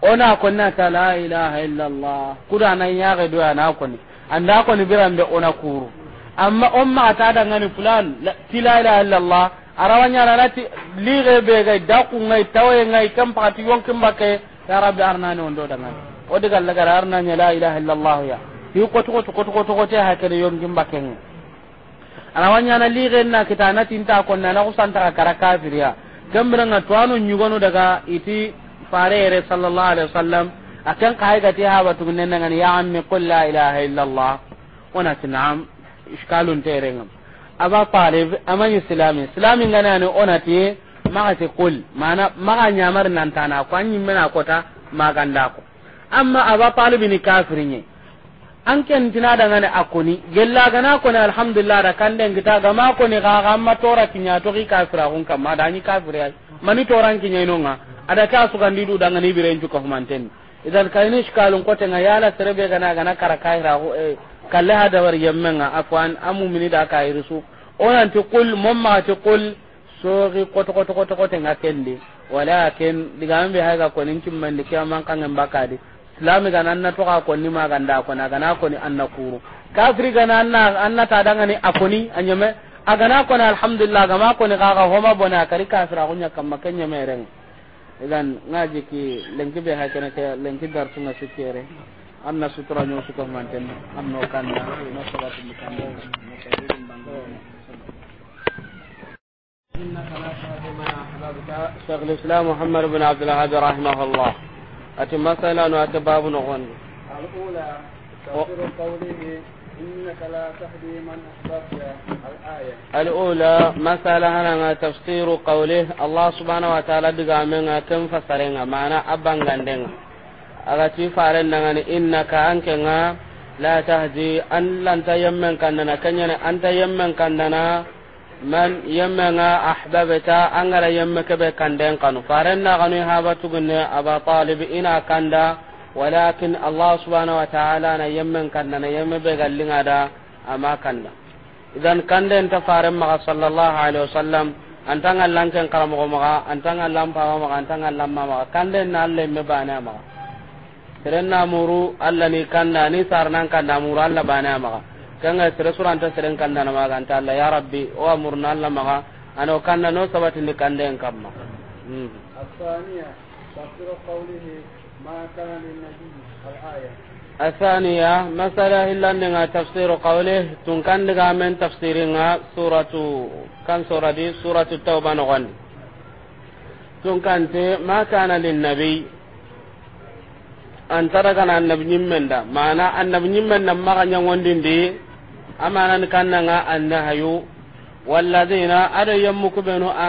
ona konna ta la ilaha illallah kuda nan ya ga do ana konni anda konni biran da ona kuru amma umma ta da ngani fulan ti la ilaha illallah arawanya la lati li ga be ga da ku ngai tawe ngai kam pati yon kim bakke ya rabbi arna ne ondo da ngan o daga laga arna ne la ilaha illallah ya yi ko to ko to ko te ha kare yon kim bakke ne arawanya na li ga na kitana tinta konna na kusanta karaka kafiriya gambira na tuano no daga iti fare yere sallallahu alaihi wasallam akan kai gati ha batu nan nan ya ammi qul la ilaha illa allah wana tinam iskalun terenga aba pare aman islami islami ngana ne onati maga ti qul mana maga nyamar nan tana ko anyi mena kota maganda ko amma aba pare bin kafirinye an ken tina da ngane akoni gella na ko ne alhamdulillah da kanden gita ga ma ko ne ga ga amma tora kinya to ki kafira kun kamma da ni kafira mani toran kiñainonga ada ka sugandi didu danga ni bire njuka manten idan ka kayni shkalun kote nga yala serebe gana gana kara kaira ho e eh, kalle hada war yemmenga afwan amu mini da ka irisu onan to kul momma ti qul sogi koto koto koto kote nga kende walakin digambe haga ko nin kimmandi kiyaman kangen bakadi islami gana anna to ka ko ni ma ganda ko na gana ko ni anna kuru kafri gana anna anna ni akoni anyame agana kone alhamdulillah agama kone kaga homa bona kari kafira kunya kamma kenya mereng idan ngaji ki lengki be hakene ke lengki dar sunna sikere anna sutra nyo suka manten anno kanna na
salatu mukammo إنك لا تهدي من أحببت
شيخ الإسلام محمد بن عبد الوهاب رحمه الله أتي مثلا وأتي باب الأولى
تفسير قوله إنك لا تهدي من أحببت الآية
الأولى مثلا أنا تفسير قوله الله سبحانه وتعالى بقامنا كم فسرنا معنى أبان غندنا أغتي فارنا إنك أنكنا لا تهدي أن لن تيمن كننا كننا أنت يمن كننا من يمن أحببت أنغر يمك بكندن كانوا فارنا غني هابتغني أبا طالب إنا كندا walakin allah subhanahu wa ta'ala na yemmen kanna na yemme be gallinga da amma kanda idan kande ta faran ma sallallahu alaihi wasallam antanga lanken karamo ma antanga lampa ma antanga lamma ma kande na alle me bana maka na muru alla ni kanda ni sarnan kanda muru alla bana ma kanga sere suranta seren kanna na ma anta alla ya rabbi o amurna alla ma ano kanda no sabati ni kanda en kamma hmm.
asaniya.
الثانية مسألة إلا أنها تفسير قوله تنكن لها من سورة كان سورة دي سورة التوبة نغن تنكن ما كان للنبي da mana maka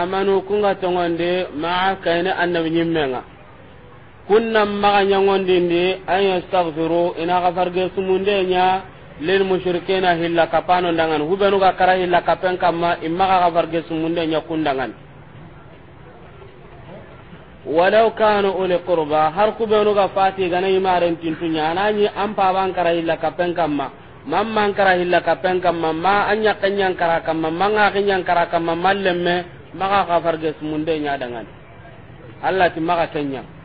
amanu kunna maga ñagondindi an yastaghfiru ina ge sumunde nya lil mushrikeena hilla kapano dangan hubenu ga kara hilla kapen kama imma ga sumunde nya kundangan walau kanu uli qurba har kubenu ga fati nay imaren tintunya anani an ban kara hilla kapen kamma mamman kara hilla kapen kama ma anya kenyang kara kama manga kenyang kara kama mallemme maga ge sumunde nya dangan Allah ti maga kenyang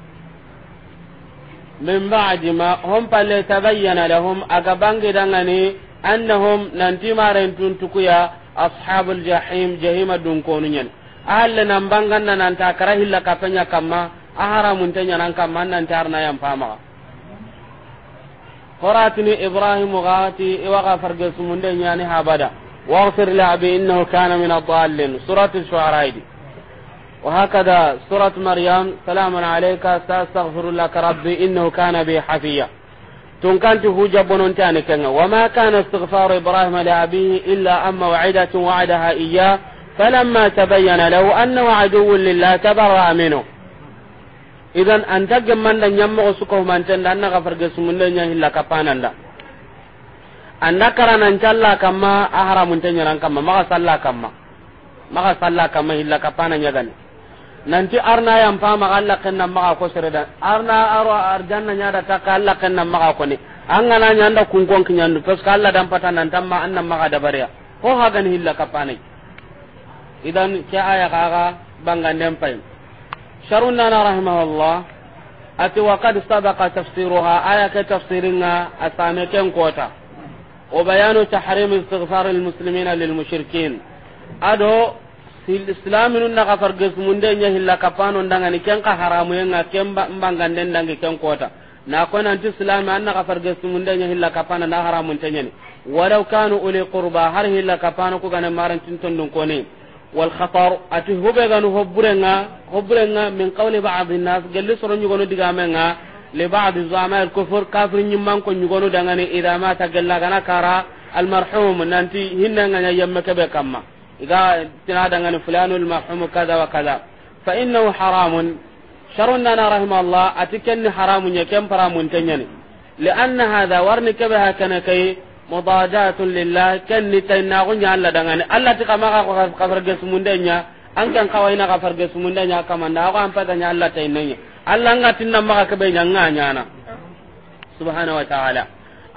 min ba'di ma hum palle tabayyana lahum aga bangi dangani annahum nanti maren tuntukuya ashabul jahim jahima dun konunyen alle nan banganna nan ta karahilla kapenya kamma ahara muntenya nan kamma nan tarna yam pama horatini ibrahim gati iwaga farge sumunde nyani habada waghfir li abi innahu kana min ad-dallin surati shu'ara وهكذا سورة مريم سلام عليك سأستغفر لك ربي إنه كان بي حفيا تنكنت هو جبن تاني وما كان استغفار إبراهيم لأبيه إلا أن موعدة وعدها إياه فلما تبين له أنه عدو لله تبرأ منه إذا أنت جمعنا نمغ سكه من تند أن غفر جسم الله إلا كفانا anda karanan challa kamma ahramun tanyaran kamma maga salla kamma maga salla kamma illa kapana nyagani nanti arna yan pa ma Allah kenna ma ko sereda arna aro arjanna nya da ta Allah kenna ma ko ni an ngana nya nda kun kon kinya ndu parce que Allah dan patan nan tamma annam ma da bariya ko hagan hilla kapane idan ke aya kaga bangan dem pai sharunna rahimahullah ati wa qad sabaqa tafsiruha aya ka tafsiringa asame ken kota o bayanu tahrim istighfar almuslimina lilmushrikin ado islamin na ka farges munde nya hilla kapano ndanga ni ka haramu yenga ken mbangande ndangi ken kota na ko nan ti islami an na ka farges munde nya hilla kapana na haramu ni walau kanu uli qurba har hilla kapano ko ganan maran tin ton dun kone wal khatar ati hobe ganu hobburenga hobburenga min qawli ba'd nas galli soro nyugo no diga menga li ba'd zamair kufur kafir nyimman ko nyugo no dangani idama ta gella kana kara al marhum nanti hinna nganya yamma kebe kamma iga tinada ngani fulanul mahum kaza wa kaza fa innahu haramun sharun ati rahimallah atikenni haramun ya kem paramun tanyani لأن هذا ورن كبها كنكي مضادات لله كن نتنا غنيا الله دعاني الله تكما كفر جسمون دنيا an kan kawai na kafar ga sumun danya kama na ko an fata nya Allah tai nan Allah nga tinna maka ka be nyanga nyana subhanahu wa ta'ala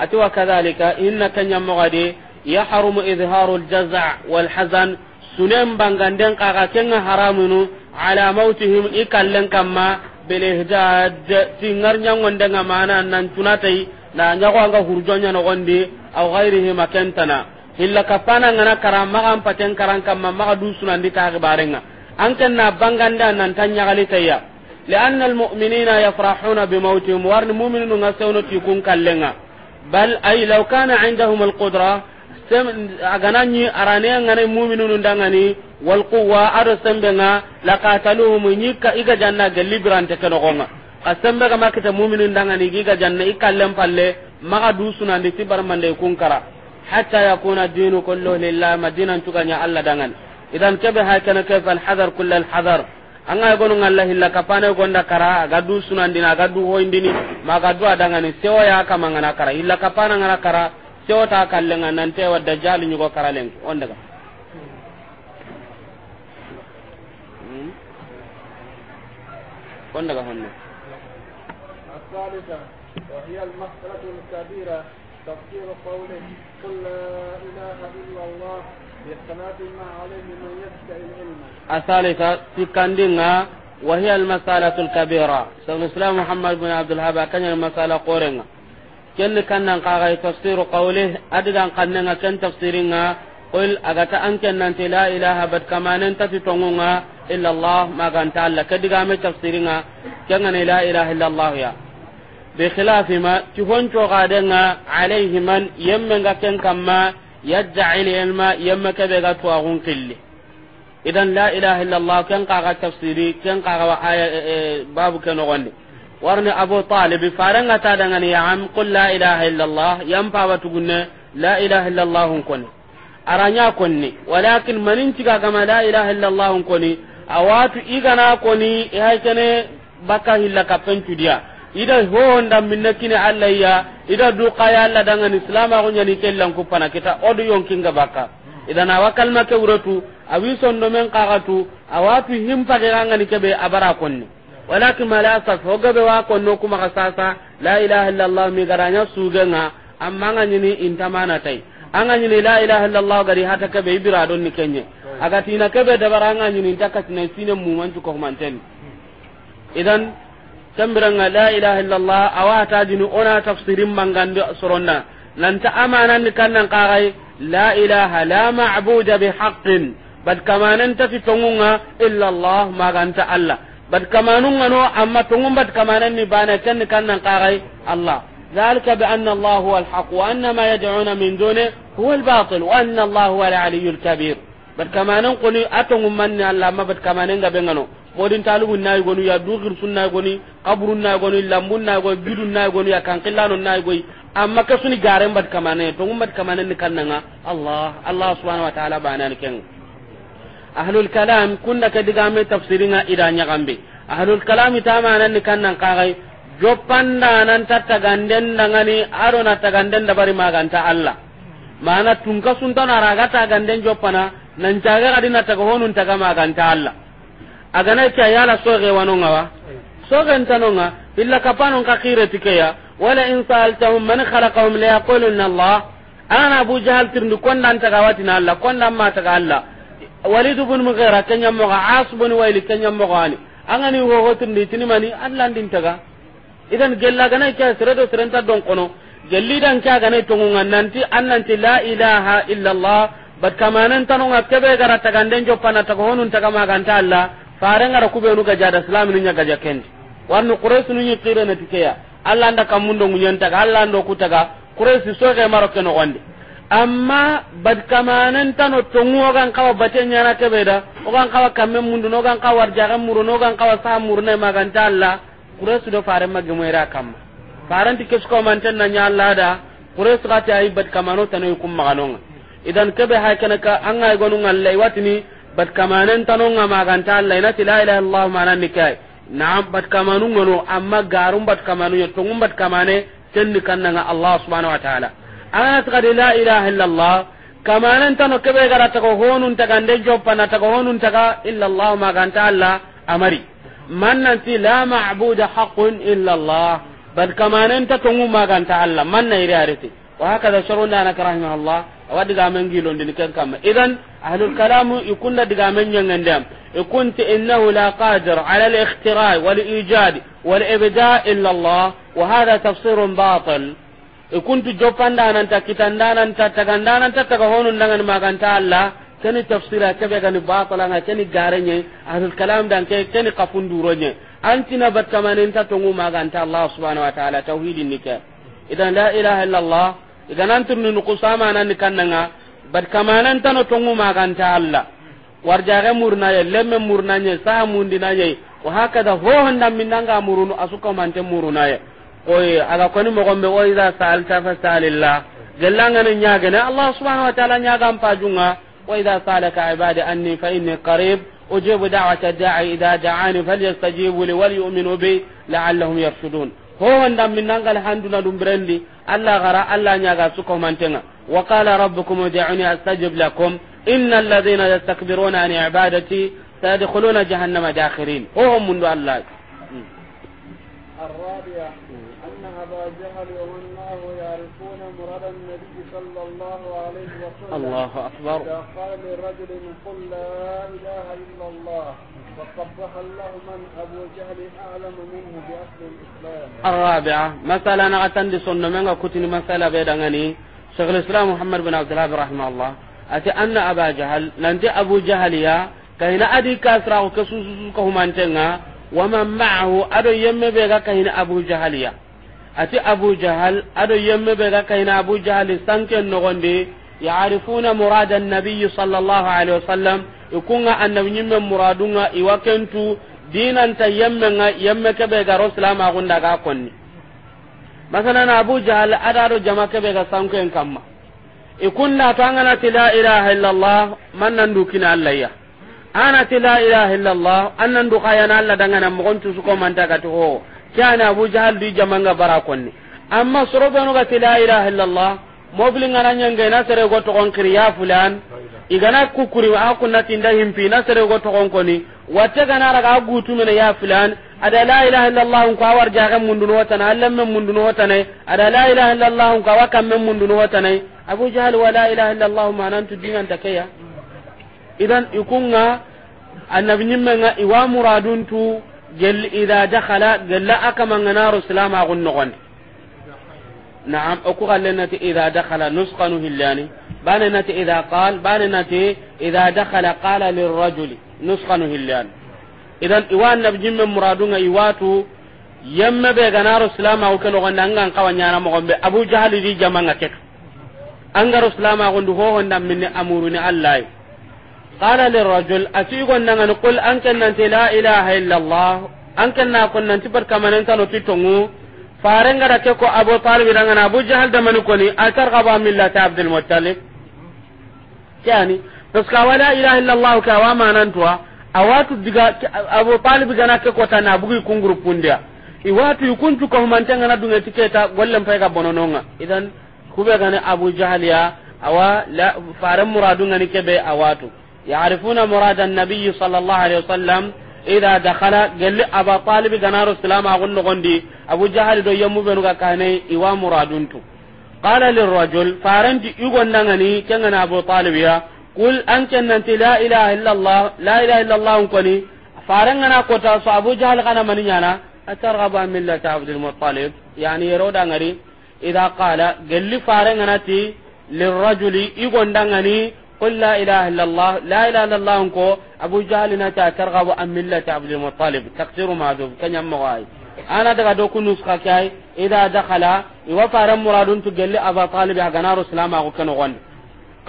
ati wa kadhalika innaka nyamma gade yahrumu izharu aljaza walhazan sunen banganden kaga kenga haramunu ala mautihim ikallen kamma belihdad tingar ñangondenga mana nan tunatai na ñagoanga hurjoña nogondi aw gairihim akentana hilla kapana ngana kara magan paten karan kamma maga dusunandi taxibarenga an kenna bangande a nanta ñagalitaya لأن المؤمنين يفرحون بموتهم وارن مؤمنون غسونتي كون كالنا بل أي لو كان عندهم القدرة agananyi arane ngane mu'minunu dangani wal quwwa ar sembenga nga laqataluhum nyika iga janna galibran te kano gonga asembe ga makita mu'minun dangani iga janna ikallem palle maka dusuna ndi tibar mande kunkara hatta yakuna dinu kullu lillah madinan tukanya alla dangan idan kebe kana ke al hadar kull al hadar anga gonu ngallahi la kapane gonda kara aga dusuna ndina ga du hoindini maga du adangani sewa ya kamangana kara illa kapana ngana kara kewta kallenga nante wa dajjal ñugo karalen on daga
on daga honno وهي المسألة الكبيرة تفسير قوله قل لا إله إلا الله ما عليه من العلم
الثالثة وهي المسألة الكبيرة محمد بن عبد كان المسألة قورنا kenni kannan kaga tafsir qawli adigan kannanga ken tafsiringa qul agata an kennante la ilaha bat kamanen tati tongunga illa allah maganta allah kadiga me tafsiringa kengane la ilaha illa allah ya bi khilafi ma ti honco gadenga alayhi man yemmenga ken kamma yad'il ilma yemma kebega tuagun qilli idan la ilaha illa allah ken kaga tafsiri ken kaga aya e, e, babu ken ogonni warni abu talib faranga ta daga ni am qul la ilaha yam pa watu gunne la ilaha illa koni konni walakin manin ciga gama la ilaha illa allah koni iganaa igana koni e haykene baka hilla kappen cudia ida ho ndam kine kini allah ida du qaya allah daga ni kellan kita odu yonkinga baka idan awa kalma ke wuratu awi sondo men qagatu awatu himpa ke ngani kebe abara konni walakin mala saf hogabe wa no kuma kasasa la ilaha illallah mi garanya sugenga amma ngani intamana tai anga ñini la ilaha illallah gari hata kebe ibira don ni kenye aga tina da dabara anga ñini taka tina sine muman ko manten idan tambiranga la ilaha illallah awa ta jini ona tafsirin mangande soronna nanta amanan ni kannan qarai la ilaha la ma'budu bi haqqin bal kamanan ta fi tongunga illa allah maganta allah bat kamanu ngano amma tungum bat kamanan ni bana tan kan nan qarai Allah ذلك بأن الله هو الحق وأن ما يدعون من دونه هو wa وأن الله هو العلي الكبير bat kamanan koni atongu manni Allah ma bat kamanan ga bengano modin talugu nay gonu ya dugir sunna goni qabrun nay goni lambun nay goni bidun nay goni ya kankillano nay goni amma ka suni garen bat kamanan to bat kamanan ni kan kannanga Allah Allah subhanahu wa ta'ala ni kenga ahlul kalam kunda ka me tafsirina ida nyagambe ahlul kalam tamanan ni kannan kagai jopanda nan tatta ganden dangani aro na ganden da bari maganta Allah mana tungka raga ragata ganden jopana nan jaga na taga honun taga maganta Allah agana ta yala wanon wanonga wa soge tanonga illa kapanon ka khire tikeya wala in saltahum man khalaqahum la yaqulunna Allah ana abu jahal tirndu kondan taga na Allah kondan ma taga Allah walidu bun mughira kanya mo ga as bun wail kanya mo gani ni angani wo hotin ni tini mani allah din taga idan gella nay kya sredo siranta don kono gelli dan kya ga nay ngan nanti annanti la ilaha illa allah bat kamanan tanonga kebe gara jo pana taga honun taga maganta allah farenga kube kubenu ga jada islam ni nyaga jaken warnu quraysh nu yiqire na tikeya allah anda kamundo ngunyanta taga allah ndo kutaga quraysh so ga maro keno wande. amma bad kamanen tano tongu ogan kawa baten nyana kebeda ogan kawa kamme mundu ogan kawa warjaga muru ogan kawa sa muru ne maganta alla kuresu do fare magge moira kamma faranti kesko manten na nyalla da kuresu gati ay bad kamano tano kum maganonga idan kebe ha ka an ay gonu ngalle watini bad kamanen tano nga magan talla ina la ilaha illallah mana nikai na'am bad kamano ngono amma garum bad kamano yo tongu bad kamane tenni nga allah subhanahu wa ta'ala anat gadi la ilaha illallah kamanan tano kebe gara tago honun taga nde joppana tago honun taga illallah maganta allah amari mannanti la mabuda haqqun illa allah bal kamanan ta tongu maganta allah manna ire arete wa hakada sharunda anaka rahimahullah awa diga men gilon din ken kam idan ahlul kalam ikunna diga men nyangandam ikunti innahu la qadir ala al ikhtira wal ijad wal ibda illa allah wa hada tafsir batil ikuntu joppandananta kitandananta tagandananta taga honundangani maganta allah keni tafsira kebe gani batalanga keni garenye ahlul kalam danke keni kafunduronye antina battamaninta tongu maganta allah subhanahu wa ta'ala tauhidin nike idan la ilaha illa allah iganantirni nukusamanani kannanga batkamanantano tongu maganta allah warjage murnaye lemme sa saha mundinaye wa hakada hohondammindanga murunu asukamante murunaye koy aga koni mogonɓe o ida gelanga ne gellangani ñagene allah subhanahu wa taala ñagan junga o ida salaka ibadi anni fa inni qarib ujibu dawata dai ida daani falyastajibu li wal yu'minu bi laallahum yarshudun wanda min nangal handuna dum ɓirendi allah gara allah ñaga mantenga wa qala rabbukum uduni astajib lakum inna alladina yastakbiruna an ibadati sayadkhuluna jahannama dakhirin ho mundu allah
الرابعة أبا جهل ومناه يعرفون مراد النبي صلى الله عليه وسلم الله أكبر إذا قال لرجل قل لا إله إلا الله فقبح الله من أبو جهل أعلم منه بأصل الإسلام الرابعة
مثلا أتندي صنع من كتن بيد بيدغني شيخ الإسلام محمد بن عبد الله رحمه الله أتي أن أبا جهل ننتي أبو جهل يا كهنا أدي كاسرا وكسوسوسو كهمانتنا ومن معه أدو يمبيغا كهنا أبو جهل ati abu jahal ado yemme be ga kayna abu jahal sanken nogonde yarifuna murada nabiy sallallahu alaihi wasallam ikunga annabi nyimme muradunga iwakentu dinanta yemme nga yemme be ga rasulama gunda ga konni na abu jahal ada jama jama be ga sanken kamma ikunna to angana ti la ilaha illallah mannan dukina allayya ana ti la ilaha illallah annan dukayana alla dangana mogontu suko manta ga to kani abu jahal di jamanga bara konni amma sorobenu gati la ilaha illallah mobili ngana nyange na sere go togon kiri ya fulan igana kukuri a kunna tinda himpi na sere go togon koni watte gana raga gutu mena ya fulan ada la ilaha illallah ko awar jaga mundun wotana allah men mundun wotana ada la ilaha illallah ko awakam men mundun wotana abu jahal wa la ilaha illallah manan tu dingan takaya idan ikunga annabi nyimme nga iwa muradun tu gel ida dakhala gella akama nganaru salama gun nogon na'am o ku gallena ti ida dakhala nusqanu hillani bana nati ida qal bana nati ida dakhala qala lirrajuli nusqanu hillani idan iwan nabjimme muradunga iwatu yemme be ganaru salama ko nogon nangan kawanya na mo gombe abu jahali di jamanga ketu angaru salama gundu ho honda minni amuruni allahi qala lirajul ati gonnanga ni qul an kanna la ilaha illa an kanna kunna tibar kamanan kanu titongu farenga da ke ko abu talib da ngana abu jahal da mani koni atar qaba millata abdul muttalib yani to manan tuwa awatu diga abu talib gana ke ko tana bugi kunguru pundia iwatu yukuntu ko mantanga na dunga tiketa gollem pay ga bonononga idan kube gane abu jahal ya awa la faran muradunga kebe awatu يعرفون مراد النبي صلى الله عليه وسلم إذا دخل قال لي أبا طالب جنار السلام أقول غندي أبو جهل دو يمو بنو كاني إوا مرادنتو قال للرجل فارنج يقول نغني كان أبو طالب يا قل أنت أنت لا إله إلا الله لا إله إلا الله أنكني أنا كوتا أبو جهل كان مني أنا أترغب عن ملة عبد المطلب يعني يرود أنغري إذا قال قال لي أنا تي للرجل يقول نغني قل لا إله إلا الله لا إله إلا الله انكو أبو جهل نتا ترغب عن ملة عبد المطلب تقصير ما ذو كان يمغاي أنا دغا دوكو نسخة كاي إذا دخل يوفر مراد تقل أبا طالب أغنار سلام أغو كنغن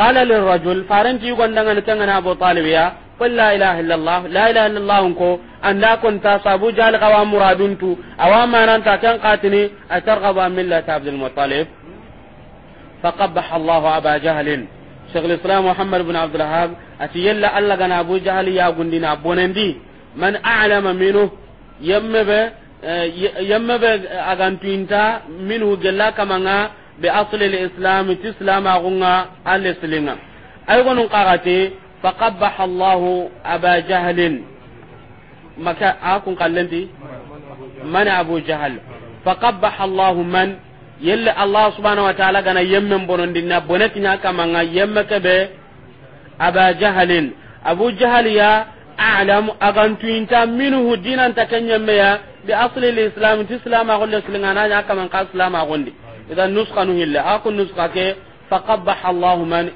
قال للرجل فارنتي يقول دغا نتنغن أبو طالب يا قل لا إله إلا الله لا إله إلا الله انكو أن لا كنت أبو جهل غوا مراد انتو أواما أنت كان قاتني أترغب عن ملة عبد المطلب فقبح الله أبا جهل شيخ الاسلام محمد بن عبد الوهاب اتي يلا الله كان ابو جهل يا غندنا بونندي من اعلم منه يمبه يمبه اغانتينتا منه جلا كما باصل الاسلام تسلم غنا الاسلام ايغون قراتي فقبح الله ابا جهل مكا اكون قلندي من ابو جهل فقبح الله من yelle allah subhanahu wa ta'ala gana yemmen bonondinna bonetinya kamanga yemme kebe aba jahalin abu jahal ya a'lam agantuinta minhu bi asli ti ka idan ke faqabbah man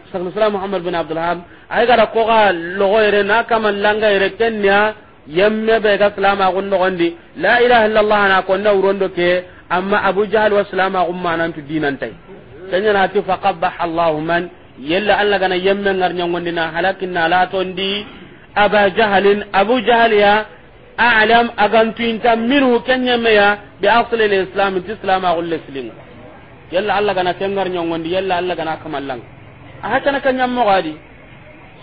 muhammad bin abdulham ay gara koga na kaman langayere kenya yemme be ga islama gon la ilaha illallah na ke amma abu jahal wa salama gumma nan tu dinan tay tanya na ti faqabbah allah man yalla alla gana yemme ngar nyangondina halakin na la tondi aba jahalin abu jahal ya a'lam tu inta minhu kanya ya bi asli al-islam ti islam agul muslim yalla alla gana tengar nyongondi yalla alla gana kamallang aha kana kanya mo gadi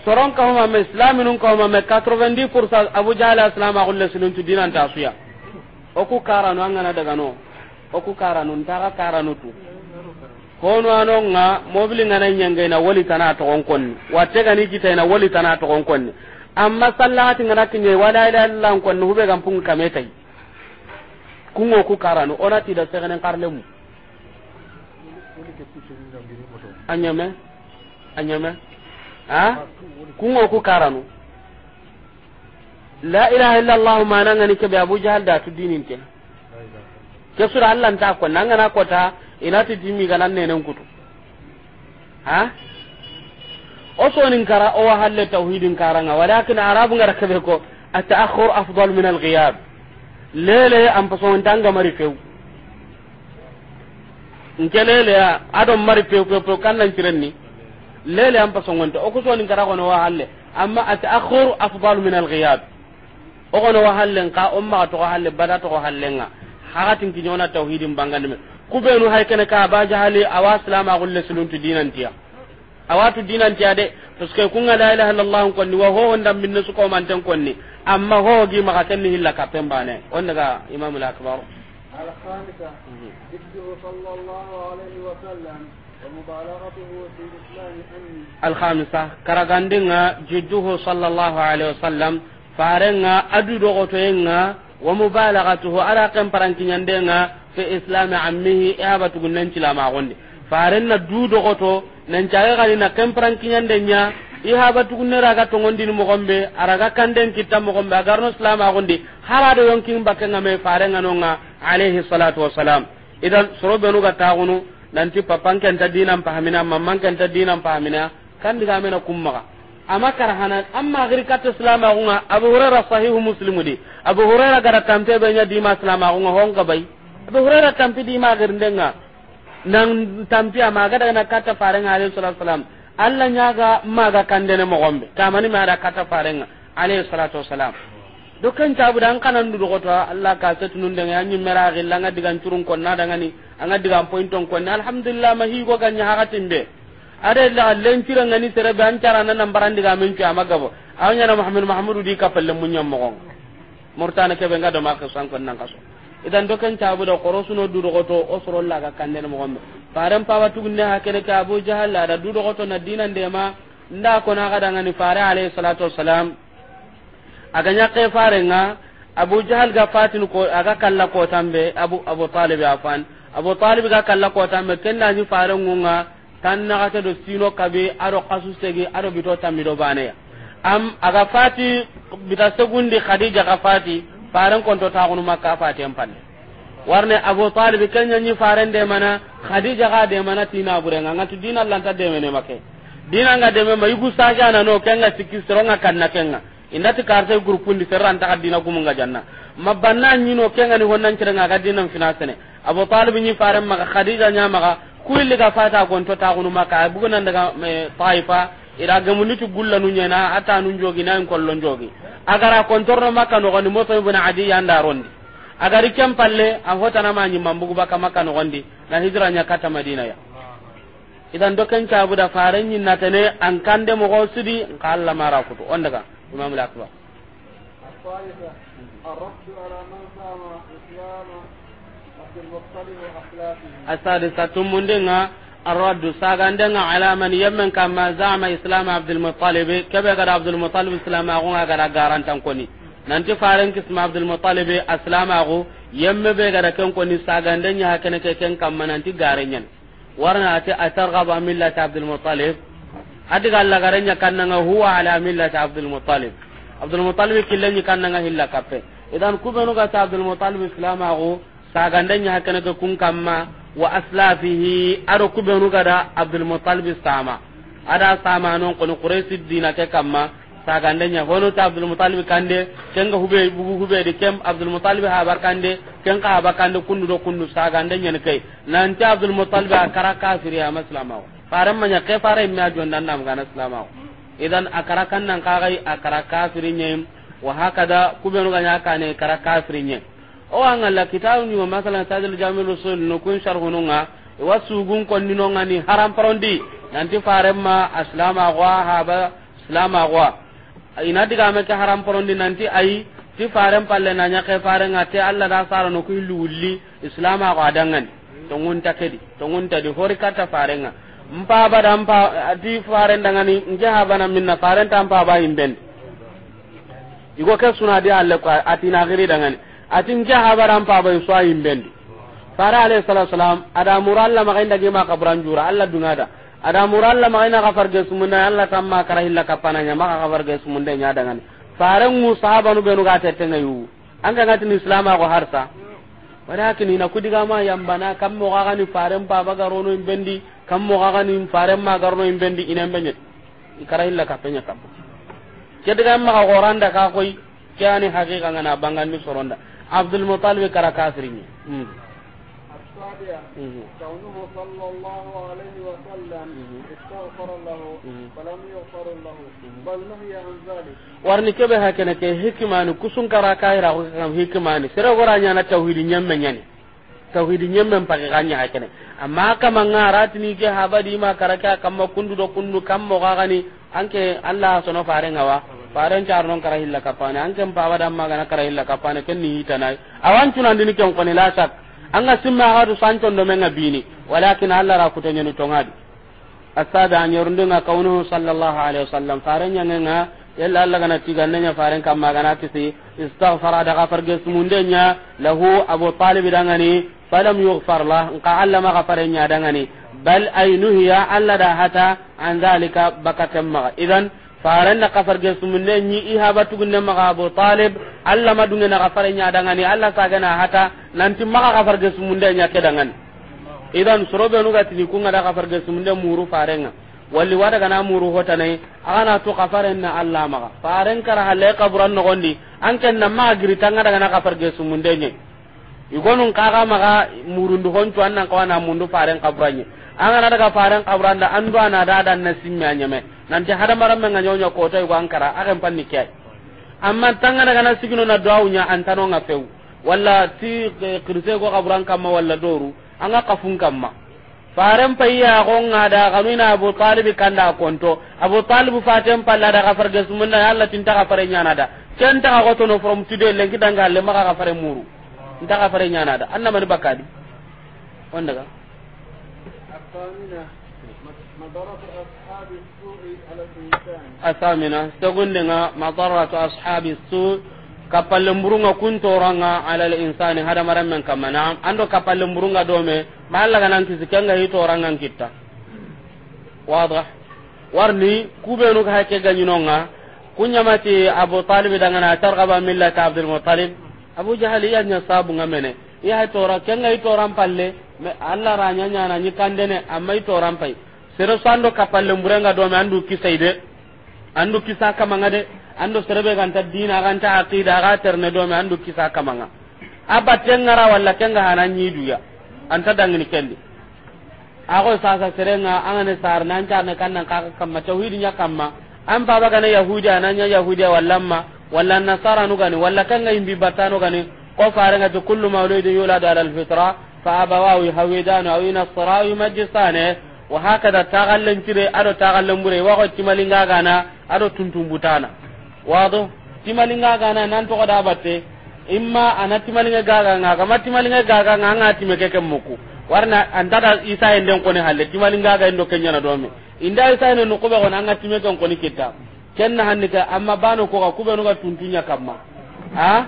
soron ka huma islam nun ka huma 90% abu jahal salama agul muslim tu dinan ta suya oku karano angana daga no oku karanu ntaga karanutu hono anonga mobili ngana nyange na wali tana togon konni ni gani kita na wali tana togon konni amma sallati ngana kinye wala ila lan konni hube gampung kametai kungo ku karanu ti da segene karlemu anyame anyame
ha kungo ku
karanu la ilaha illa allah mananga ni ke abu jahal da tudinin ke ke sura allah ta ko nan ngana kota ina ti dimi ga nan nenen kutu ha o so nin kara o halle tauhidin wala walakin arabu ngara kebe ko at-ta'akhkhur afdal min al-ghiyab lele am paso ntanga mari feu nke lele ya ado mari feu ko kan nan tirenni lele am paso ngonta o ko so nin kara ko no halle amma at-ta'akhkhur afdal min al-ghiyab o ko no halle nka umma to halle bada to halle nga ki kinyona tauhidin me ku be kubenu hay kana ka ba jahali awa salama gol le gulle suluntu dinantiya awatu tiya de parce que kunga la ilaha illallah ni wa ho onda min su ko man manten konni amma ho gi maka ni hilla ka pemba ne on daga imam al akbar
الخامسة ذكره صلى الله عليه وسلم ومبالغته في الإسلام أني الخامسة كرغاندنا
جده صلى الله عليه وسلم فارنا أدو دوغتوينا wa mubalaghatuhu ara kan parankinyandenga fi islami ammihi e haba tugunnen cilama gonde na du dogoto nan caga gani na kan parankinyandenya i haba tugunne raga tongondini mogombe araga kanden kitta mogombe agarno silama gonde harado yonkin bakkenga me farenga nonga alayhi salatu wassalam idan sorobenuga taxunu nanti papankenta dinan pahamina mammankenta dinan pahamina kandigamena kummaga amma karhana amma gir katta salama kunga abu hurairah sahih muslim di abu hurairah gara tampe banya di ma salama kunga honga bai abu hurairah tampi di ma gir ndenga nan tampi ama gada na katta farenga alayhi salatu wasalam alla nyaga maga kandene mo gombe tamani ma da katta farenga alayhi salatu wasalam dokan tabu dan kanan du goto Allah ka sa tunun da yanyi mera gilla nga digan turun konna da ngani anga digan pointon konna alhamdulillah mahi go ganya hakatin be ada la kira ngani ban cara nan nambarandi ga mencu amagabo awnya na muhammad mahmudu di kapalle munyam mo murtana ke nga do maka sanko nan kaso idan do kan tabu do qorosu du do goto osro la ga den mo gombe faran pawa tugne ha kene ka abu jahal la da du goto na dinan de ma nda ko na kada ngani fare alayhi salatu wassalam aga nya ke fare nga abu jahal ga fatin ko aga kalla ko tambe abu abu talib afan abu talib ga kalla ko tambe kenna ni fare ngunga tan naxa ke do sino kabe aɗo kasu segi aɗo bito tammido ya. am aga fati bita segundi khadija ga fati faren konto taxunu makka faten panne warne abu talib kenyañi faren demana khadija ga demana tina bure burenga ngatu dina lanta demene make dina nga deme ma yugu sage anano kenga sikki seronga kanna kenga indati karte groupe ndi serra anta dina nga janna mabanna nyino kenga ni honnan cerenga ga dinam finasene abu talib ñi faren maka khadija nya maka. kuilli ga fata gonto ta kunu maka nan daga taifa ira gamuni tu gulla nu na ata nu jogi nan kollon jogi agara kontorno maka no goni moto ibn adi yanda rondi agari kem palle a hota na manyi mambugu baka maka no gondi na hijra nya kata madina ya idan doken ta buda faran nyin na tane an kande mo gosudi kala mara kutu on daga imam al-akbar السادسة مندنا الرد ساغندنا على من يمن كما زعم إسلام عبد المطلب كبه قد عبد المطلب إسلام أغونا قد أقارن تنكوني nanti faren abdul yemme be gara ken ko ni ke ken nanti warna millat abdul galla huwa ala millat abdul abdul hilla idan kubenu ga abdul sagandanya hakana ka kun kamma wa aslafihi aro kubenu gada abdul muttalib sama ada sama non kun quraysi dina ke kamma sagandanya hono ta abdul muttalib kande kenga hube bugu hube de kem abdul muttalib habar kande kenga habar kande kundu do kundu sagandanya ne kai ta abdul muttalib akara kafiri ya maslama faran manya ke fara ajon nan nam gana islama idan akara kan nan kagai akara kafiri nyem wa hakada kubenu ganya kane akara kafiri nyem o anga la kitabu ni masala tajal jamil usul no kun sharhununga wa sugun konnino ngani haram parondi nanti ma aslama gwa haba aslama gwa ina diga ma ke haram parondi nanti ai ti faren palle nanya ke faren ngate alla da sara no kullu luulli islama gwa dangan to ngunta kedi to ngunta di hori kata farenga mpa bada mpa ti faren dangani nge na minna faren tampa ba imben igo ke suna di alle ko atina giri dangani atin ke habaran pa ban so ayin bendi fara alayhi salatu wasalam ada muralla ma kainda gema kabran jura alla dunada ada muralla ma kaina kafar sumunna alla tamma karahilla kapananya maka kafar gesumunda nya dangan fara ngu sahaba nu benu ga tenga yu an ngati ni islama ko harsa walakin ina kudiga ma yambana kam mo ga ni faran pa baga rono bendi kam mo ga ni faran ma garno bendi ina imbenye karahilla kapenya kapo kediga ma ka goranda ka koy kyani hakika ngana bangan ni soronda عبد المطلب كرا كافرين
السابعة كونه صلى الله عليه وسلم استغفر له فلم يغفر له بل نهي عن ذلك
ورني كبه هكنا كي هكمان كسون كرا كايرا وكام هكمان سيرا غرا نانا توحيد نيمن ناني توحيد نيمن باقي غانيا هكنا أما كما نارات نيجي هابا ديما كرا كا كما كندو دو كندو كم مغاغني anke allah sono fare ngawa faren carnon kara hilla kapane anke mpawa damma gana kara hilla kapane ken ni hitanai awan cunan dini ken koni la sak anga simma hadu santon do menga bini walakin allah ra kutenye ni tongadi asada anyorndunga kaunuhu sallallahu alaihi wasallam faren nyanga yalla allah gana tigannenya faren kamma gana kisi istaghfara da daga farge nya lahu abu talib dangani falam yughfar lah nka allama ma nya dangani bal ay nuhiya alla da hata an zalika bakatan maga idan faran na kafar ge sumunne ni i haba tugunne maga abu talib alla madunge na kafar nya dangani alla saga na hata nanti maga kafar ge sumunde nya ke dangani idan sorobe nu ga tini kunga da kafar ge sumunde muru farenga walli wada gana muru hota nay agana to kafaren na alla maga faren kara halle kaburan no gondi an ken na ma giri tanga daga na kafar ge sumunde nya igonun kaga maga murundu honcu annan kawana mundu faren kaburanye angana daga faran da an ana da dan na mai anyame ta hada maran nga ganyo ko tay ko ankara akan panni kai amma tanga daga na sigino na du'a nya tano nga feu walla ti eh, kirse ko qabran kamma walla doru anga kafun kamma faran payya ko nga da kanuna abu talib kanda konto abu talib fatem palla da kafar gasmunna yalla tinta nya na da kenta ka ko tono from today lenki danga le maka fare muru nta nya na da annama ni bakadi wanda daga
الثامنة مضرة أصحاب السوء على الإنسان
الثامنة سقلنا مضرة أصحاب السوء ala hada ando dome kisi kitta wadah warni kubenu ka hakke ganyinonga kunyamati abu talib dangana targaba millata abdul muttalib abu sabu i hay tora kenga i toran palle me alla ranya nya nya na ni kandene amma i toran pai sero sando kapalle murenga do me andu kisai de andu kisa kamanga de andu serebe ganta dina ganta aqida ga terne do me andu kisa kamanga aba tengara walla kenga hanan nyiduya anta dangini kendi ako sasa serenga anane sar nan ta ne kannan ka kamma tawhid nya kamma an baba gane yahudi ananya yahudi wallamma wallan nasara nu gane walla kanga imbi batano gane ko كل مولود يولد على الفطرة فأبواه fa أو yuhawidanu aw yunassara aw yumajjisane wa hakada tagallen cire ado tagallen bure wago timalinga gana ado tuntumbutana wado timalinga gana nan to da batte imma ana timalinga gaga nga kama timalinga gaga nga nga muku warna andada isa enden koni halle timalinga gaga endo kenya na domi inda isa ene no kuba kona nga time koni kitta kenna hannika amma bano ko ka kuba no ga tuntunya kamma ha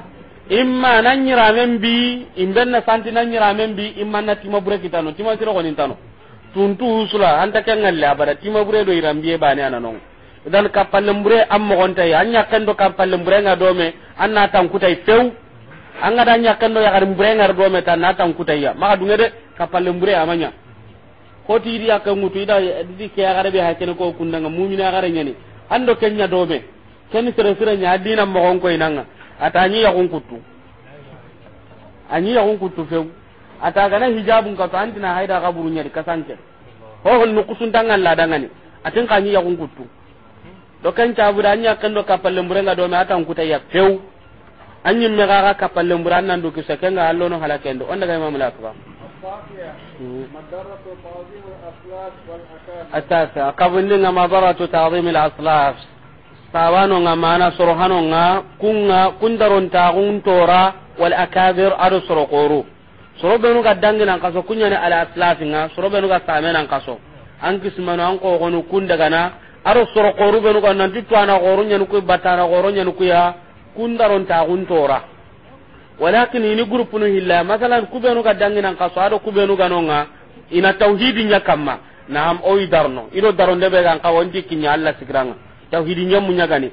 imma nan nyira men bi imben na santi nan nyira men bi imma na tima bure kita no tima siro koni tano tuntu usula anta ke ngalle abada tima bure do iram biye bani anano dan kapal lembure am mo gonta ya anya kendo kapal lembure nga do me anna tan kutay few anga dan nyakendo ya kadum bure nga do me tan na tan kutay ya maka dunga de kapal lembure amanya ko ti iri akam mutu ida di ke agare be hakken ko kundanga mumina agare nyani ando kenya do me ken sere sere nya dina mo gonko inanga ata anyi yakun kuttu anyi yakun kutu few ata gana hijab ka to antina haida kaburu buru nyari kasanke ho hol nu kusun dangan la dangani atin ka ya yakun do kan cabu da anya kan do kapalle nga do me atan kutai yak few anyi me ga ka kapalle muran nan do nga allo no halakendo onda ga imam lafa التاسع قبل لنا ta'zim al-aslaf tawano nga mana soro hano nga kunga kundaron ta tora wal akabir ar soro koru soro benu ga nan kaso kunya ne ala aslafi nga soro benu ga nan kaso an kismano an ko gonu kunda gana ar soro koru benu ga nan ditu ana koru nyen ku batana koru nyen ku ya kundaron ta tora walakin ini grupu nu hilla masalan ku benu ga nan kaso ado ku benu ga nonga ina tauhidin nya kamma naam oyi darno ido daron debe be ga kawon dikinya alla sigranga tauhidi nyammu nyagani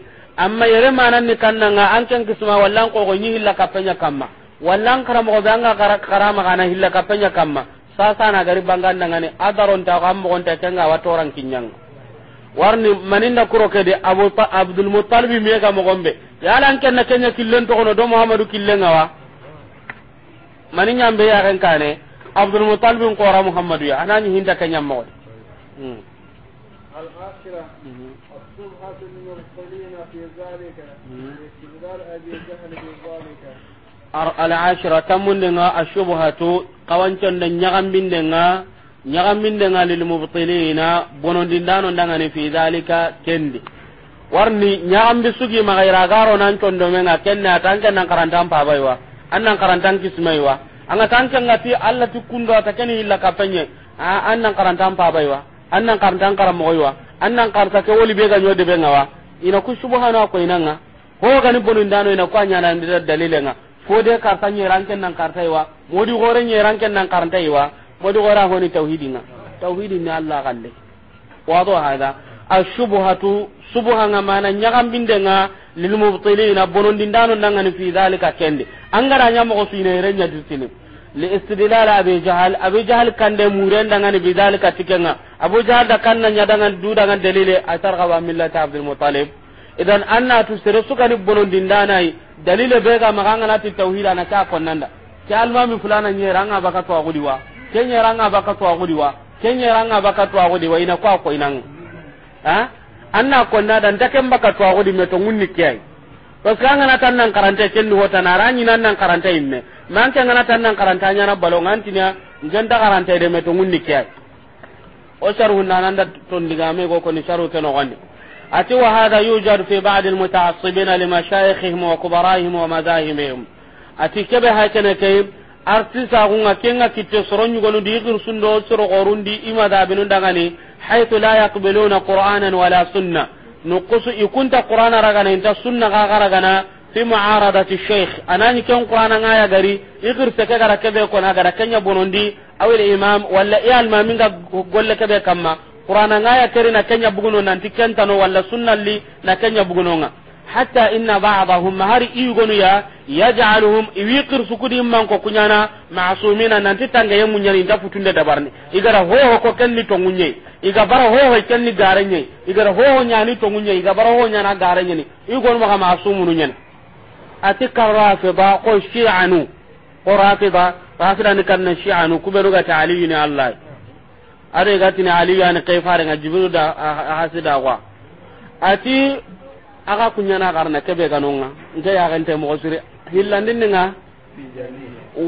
amma yere manan ni kannanga an kan kisma wallan ko ko nyihilla kapenya kamma wallan karamo ko banga karama kana hilla kapenya kamma sasa na gari bangan dangane adaron ta kammo kon ta kenga watoran kinyang warni maninda kuro kede abu abdul muttalib me ga mo gombe yalan ken na kenya killen to kono do muhammadu killen wa mani nyambe ya kan kane abdul muttalib ko ra muhammadu ya anani hinda kenya mo
hmm. al akhirah mhm. من المرسلين في ذلك استدلال أبي جهل في بذلك
العاشرة تمننا الشبهة قوانتنا نغم مننا نغم مننا للمبطلين بنودندان دغني في ذلك كندي warni bi sugi ma magaira garo nan ton do condomenga kenne atanke nan karantan pabaiwa an nan karantan kismaiwa anga tanke ngati allah ti kundo ta keni illa kapenye a an nan karantan pabaiwa an nan karantan karam karamogoiwa annan karta ke woli be ga nyode be ngawa ina ku subhana ko nga ho ga ni bonu ndano ina ku anya nan da dalile nga ko de karta nyi ranken nan karta iwa modi gore nyi ranken nan karta iwa modi gora ho ni tauhidi nga tauhidi ni allah galle wa do hada ashubhatu subhanahu ma na nyaga binde nga lil mubtilina bonu ndano nan ngani fi zalika kende angara nya mo ko sine renya dusini liistidlal abi jahal abi jahal kande muren dangani bidalika tikenga abu jahal da kanna nyadangan du dangan dalile asar qawa millati abdul muttalib idan anna tu sere sukani bonon dindanai dalile be ga maganga nati tauhid ana ka konnanda ke almami fulana nyera ranga baka to agudiwa ke nyera ranga baka to agudiwa ke nyera ranga baka to agudiwa ina kwa ko inang ha anna konna dan takem baka to agudi meto ngunni kiyai parce que an gana tan nan karanta kendi hota na ranyi nan nan karanta inne man kan gana tan nan karanta nya na balon antinya ngenda karanta de meto ngunni kiyai o sharhu nan da ton diga me go ko ni saru ke no gani ati wa hada yujar fi ba'd al muta'assibina li mashayikhihim wa kubara'ihim wa madahimihim ati ke be ha ken ke artisa gunga nga kitte soronyu gonu di gir sundo soro gorundi imada binu dangani haythu la yaqbiluna qur'anan wala sunnah nukusu ikunta qur'ana ragana inta sunna ga garagana fi mu'aradati shaykh anani kan qur'ana ngaya gari igir seke gara kebe ko na gara kenya bonondi awil imam walla e al maminga golle kebe kamma qur'ana ngaya kari na kenya buguno nanti kentano walla sunna li na kenya buguno nga hatta inna ba'dahum hari igonu ya yaj'aluhum iwiqir sukudi man ko kunyana ma'sumina nanti tanga yemu nyani da futunde dabarni igara ho ho ko kenni to ngunye iga bara ho ho kenni garenye igara ho ho nyani to ngunye iga bara ho nyana garenye ni igon ma ma'sumunu nyana ati karafida ko shi'anu ko rafida rafida ni kanna shi'anu kuberu ga ta'aliyu ni allah are ga tini aliyu ani kayfare ga jibril da hasida wa ati aga kunyana garna kebe ganonga nge ya gente mo sire hillandin nga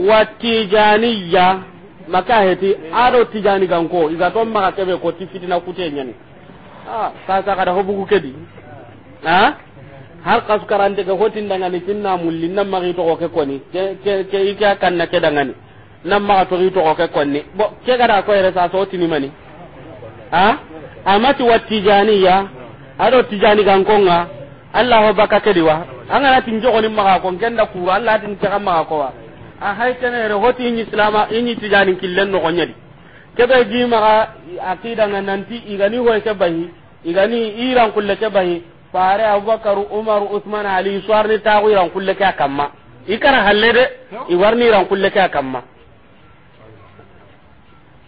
wa tijaniya
maka heti ado
tijani ganko iga to maka kebe ko tifitina kutenya ni ah sasa kada hobu kukedi ha har kas karante ga hotin daga ni tinna mulli nan ma to ko ko ni ke ke ike kan na ke daga ni nan ma to to ko ko koni. bo ke gara ko ere sa so tini mani ha amati wat tijaniya ado tijani gankonga allah ho baka kedi wa angana tin jogoni maga ko kenda kuro allah tin kega maga ko wa a hay kene re hoti in islama in tijani killen no gonyadi kebe ji maga akida na nanti igani ho ke bahi igani iran kulle ke bahi fare abubakar umar usman ali ni ta iran kulle ke akamma ikara halle de i warni iran kulle ke akamma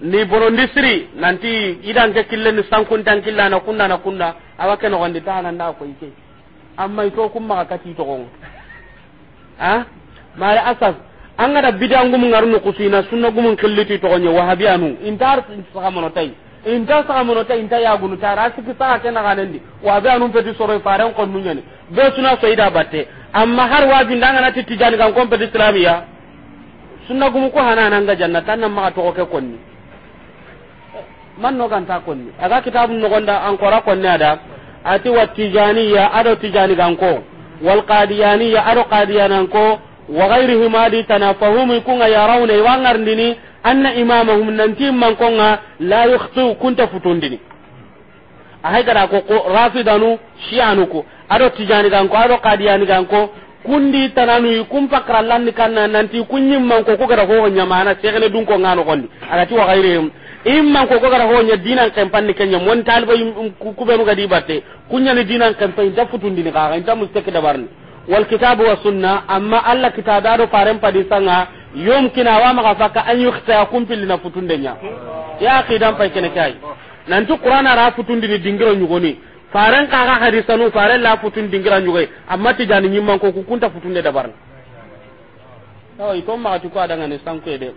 ni borondi siri nanti idan ke killen ni sankun tan killa na kunna na kunna awake no gondi ta nan da ko ike amma ito kum ma kati to gon ha mara asas an gada bidangu mun ngarnu kusina sunna gumun to gonye wahabiyanu intar monotai monotai ya gunu tara siki ganendi wahabiyanu faran kon be batte amma har wajin kan kon islamiya sunna ko hanana nga jannatan nan ma to ke konni man no konni aga kitabun no gonda an kora konni ada ati wa tijaniya ado tijani ganko wal qadiyaniya ado qadiyananko wa ghayrihim adi tanafahumi kunga yarawna iwangarndini anna imamahum nanti mankonga la yukhtu kunta futundini ahay gara ko ko rafidanu shianuko ado tijani ganko ado qadiyani ganko kundi tananu kum pakrallan kanna nanti kunyim manko ko gara ko nyamana segene dun ko ngano kondi agati wa ghayrihim imman ko gara ho nya dinan kampan ni kenya mon taliba ku be ga di batte kunya ni dinan kampan da futundi dinin kaga inta mustaka da barni wal kitab wa sunna amma alla kitada do faren padi sanga yumkin awa ma faka an yukhta yakum fil na denya ya qidan pa kene kai nan tu qur'ana ra futundi ni dingiro ni faren kaga hadisanu faren la futun dingira nyugoi amma ti jani nyimman ko ku kunta futunde da barni tawi to ma tu ko adanga ne sanko de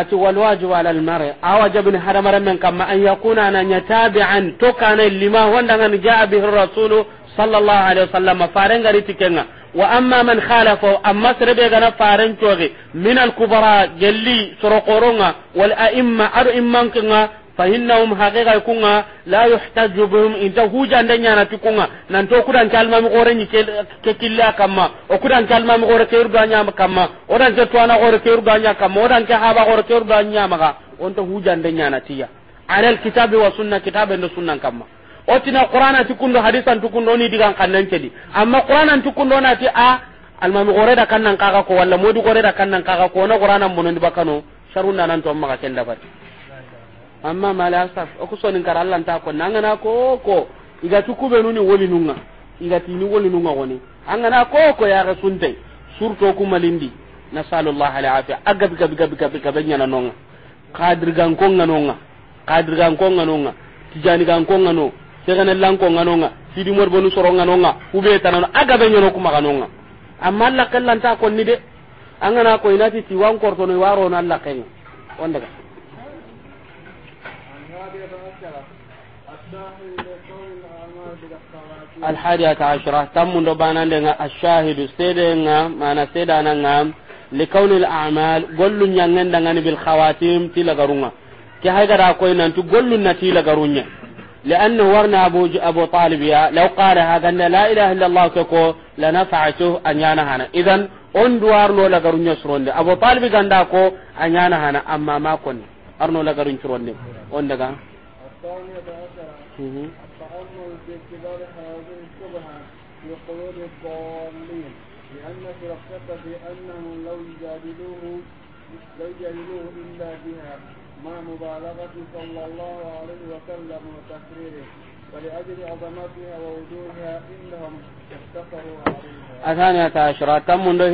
ati walwajib ala almar'i awajabni hadamaren men kamma an yakuna ananya tabi'an to kana lima wandangani jaa bihi rasulu sallallahu alaihi wasallam faren gari tikenga wa amma man khalafa amma sirbe gana faren toge min al kubara gelli sorokoronga wal a'imma adu imman kinga fahinnahum haqiqa kunga la yuhtaju bihim inta hujande to kunga nanto mi gore ni ke killa kama o kudante almami xore ke yurgañama kamma odante toana xore ke yurgaña kamma odante haba xore ke huja onta hujande tiya ala kitab wa sunna kitabe ndo kama. o tina qur'ana tikundo hadisan tikundo ni digan kannan cedi amma qur'ana tikundo ti a mi gore da kannan kaga ko wala modi gore da kannan kaga ko na qur'ana munondi bakano sharunda nan to amma ka kenda bari amma mala saf o ko sonin kar Allah ta ko na ko ko iga tukube nuni woli nunga iga tini woli nunga woni na ko ko ya rasunte surto ku malindi nasallallahu alaihi afiya aga biga biga biga biga benya na nonga qadir gan ko nonga qadir gan ko nonga tijani gan ko ngano segana lan ko nonga sidi mor bonu soro nonga ube tanan aga benya no kuma nonga amma Allah kallan ta ko ni de na ko inati ti wan korto no waro na Allah kenga on daga الحادية عشرة تم من دبانا لنا الشاهد سيدنا معنا سيدنا لكون الأعمال قل نيانين دعاني بالخواتيم تلا قرونا كهذا راكوين أنتو قل نتيلا قرونا لأنه ورنا أبو أبو طالب يا لو قال هذا أن لا إله إلا الله كوكو لنفعته أن ينهانا إذن on duwarno lagarun yasronde abo talibi ganda ko a ñana hana amma ma konni arno lagarun curonde on daga
الثانية عشرة قول الضالين لأن فرقتك بأنهم لو يجادلوه لو يجادلوه إلا بها مع مبالغة صلى الله عليه وسلم وتكريره ولأجل عظمتها ووجودها إنهم افتقروا
عليها الثانية عشرة تم له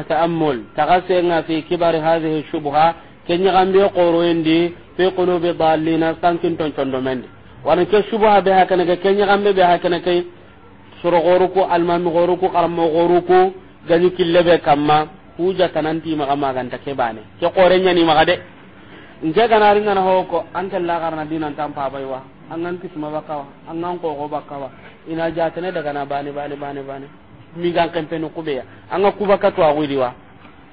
التأمل تغسلنا في كبر هذه الشبهة كن يغمي قرويندي في قلوب الضالين سانكن تنشندو مندي ولكن شبهة بها كنك كن يغمي بها كنك sorogoruku almanugoruku karamogoruku ganyu killebe kamma huja kananti maga maganta ke bane ke kore nyani maga de nke ganari ngana ho ko anke la garna dinan tan pa baywa angan kisma an angan ko go bakawa ina jatene daga na bane bane bane bane mi gan kempe no kubeya anga kubaka to awidiwa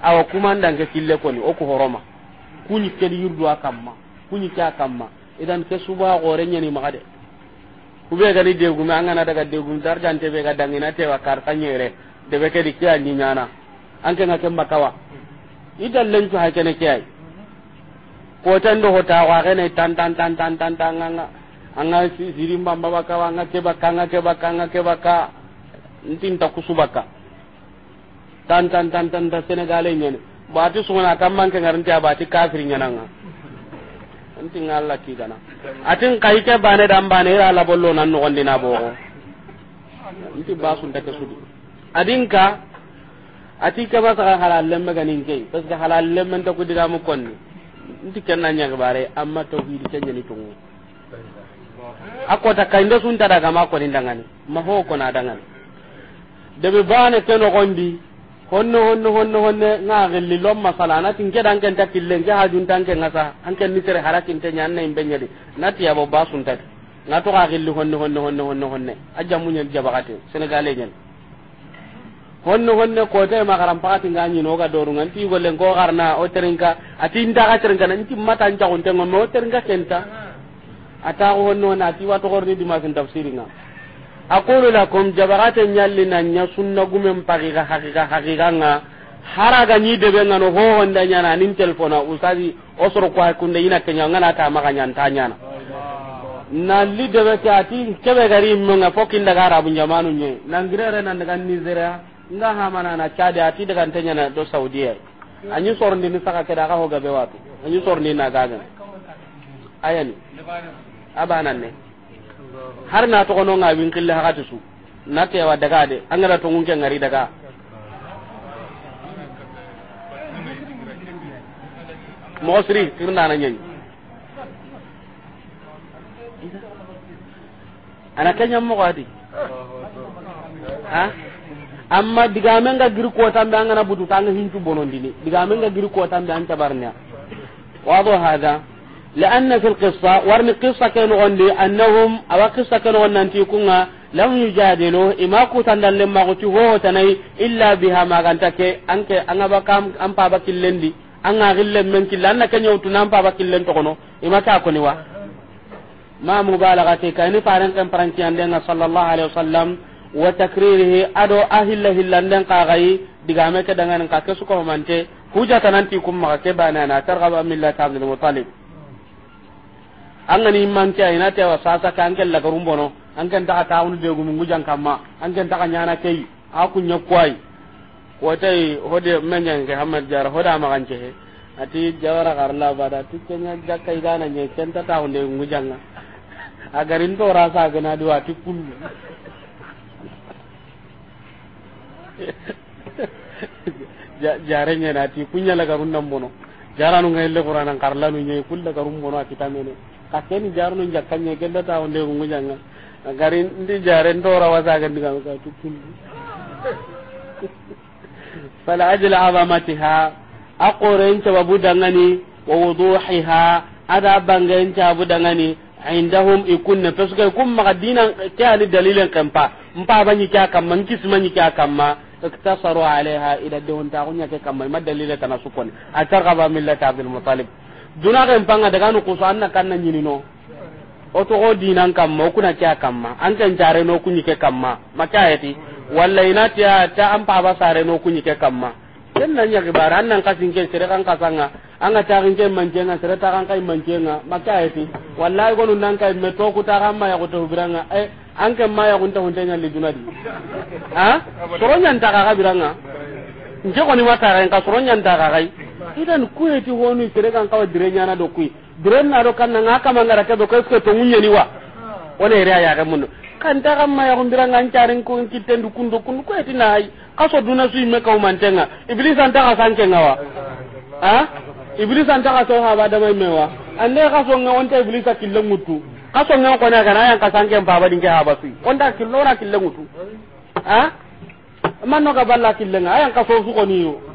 awa kumanda nke kille koni oku horoma kunyi kedi yurdu akamma kunyi ka kamma idan ke suba gore nyani de kube gani degume angana daga degum darjante be ga dangina tewa kartanyere debe kedi kiya ni nyana anke na kemba kawa idan lencu ha kene kiyai ko tan do hota wa gane tan tan tan tan tan tan anga anga siri mbamba baka wa anga ke baka anga ke baka anga ke baka ntin ta kusubaka tan tan tan tan ta e ne ba bati suna kamman ke ba abati kafir nyananga anti ngalla ki gana atin kai ke bane dan bane la bollo nan no basun ta adinka ati ke halal lemme ganin halal lemme ta kudira mu konni kenna nya bare amma tungu akota sun ta daga ma ko ni dangani ma ho ko na dangani bane gondi honno honno honno honne nga gelli lom masala na tin kedan kan takille nge hajun tan kan ngasa an kan ni tere harakin tan nyanna imbe nyadi nati ya baba sun tat na to ga gelli honno honno honno honno honne ajja munya jabakate senegale nyen honno honne ko te makaram pakati nga nyi no ga doru ngan ti golle ngo garna o terinka ati nda ga terinka nan ti mata nja on tan mo terinka kenta ata honno na ti wato gorni di makin tafsiringa aqulu lakum jabarate nyalli nanya sunna gumen pagiga hagiga hagiga nga haraga ni debe ngano ho onda nyana nin telefona usadi osoro kwa kunde ina kenya ngana ta maganya ntanyana na li debe ta ati kebe gari menga fokin daga arabu jamanu nye nangirere nan daga nizera nga hamana na chade ati daga ntanya na do saudiya anyi sorndi ni saka keda ka ayani
har na tokono
nga win kille gatu su na tewa daga de an gara to ke ngari daga
mosri kirna na nyen ana kanya mo gadi ha amma diga men ga gir ko
tan da na butu tan tu bonon dini diga men ga gir ko tan da an tabarnya do hada لأن في القصة ورمي قصة كان غندي أنهم أو قصة كان غندي كنا لم يجادلوه إما كوتان لما غتي تني إلا بها ما غنتك أنك أنا بكام أم بابا كلندي أنا غل منك كلا أنا كان يوتنا أم بابا كلن تكونو إما تكوني وا ما مبالغة كأني فارن كم فرنسي عندنا صلى الله عليه وسلم وتكريره أدو أهل هلا عندنا قاعي دعامك دعانا كاكسوكو مانتي هو جاتنا تيكم مغتبانا ترغب من الله تعبد المطالب an man manke ayna tewa sasa ka anke la garumbono anke ntaka taunu de gumu ngujan kamma anke ntaka nyana kei aku nyakwai ko tay hode ke hamad jara hoda ma kan he ati jawara garla bada tikenya jakka idana nye kenta taunu de ngujanga
agarin to rasa gana do ati kullu
jarenya na ti kunya la garun nan bono jaranu ngelle qur'anan karlanu nye kullu garun bono ati tamene ka jaru nun jakkanye gella ta onde ngungu janga gari ndi jare ndora wasa saga ndiga ka tukul fala ajl azamatiha aqurin sababu dangani wa wuduhiha ada bangen sababu dangani indahum ikunna pesuke kum magadina dina kani dalilen kempa mpa banyi kya kamma nkisi manyi kya ma iktasaru alaiha ila dewon ta kunya ke kam ma dalile kana sukon atar qaba millata abdul muttalib duna kan panga daga nu kuso anna kanna nyini no oto go dinan kamma kuna kya ma an kan tare no kunyi ke ma maka yati walla ina ta ta an pa ba sare no kunyi ke kamma ken nan ya gibara annan kasin ke sere kan kasanga an ga ta rinke manjenga sere ta kan kai manjenga maka yati wallahi gonu nan kai me to ku ta kan ma ya ko to biranga eh an kan ma ya kunta hunta nyalli dunadi
ha soronya ntaka ka biranga
nje ko ni wata ran ka soronya ntaka kai idan ku heti honu sere kan kawa dire nyana do ku dire na do kan nga kama ngara ke do ko to munya ni wa wala ire ya ga kan ta kan ma ya hundira ngan carin ko kitten du kundo kun ko heti na ai kaso duna su me ka mantenga iblis an ta ka sanke ngawa ha iblis an ta ka so ha ba da mai mewa ande kaso nga on ta iblis akille mutu kaso nga ko na kana yan ka sanke baba dinge ha basu on ta killora kille mutu ha man no ga balla kille nga yan so su ko niyo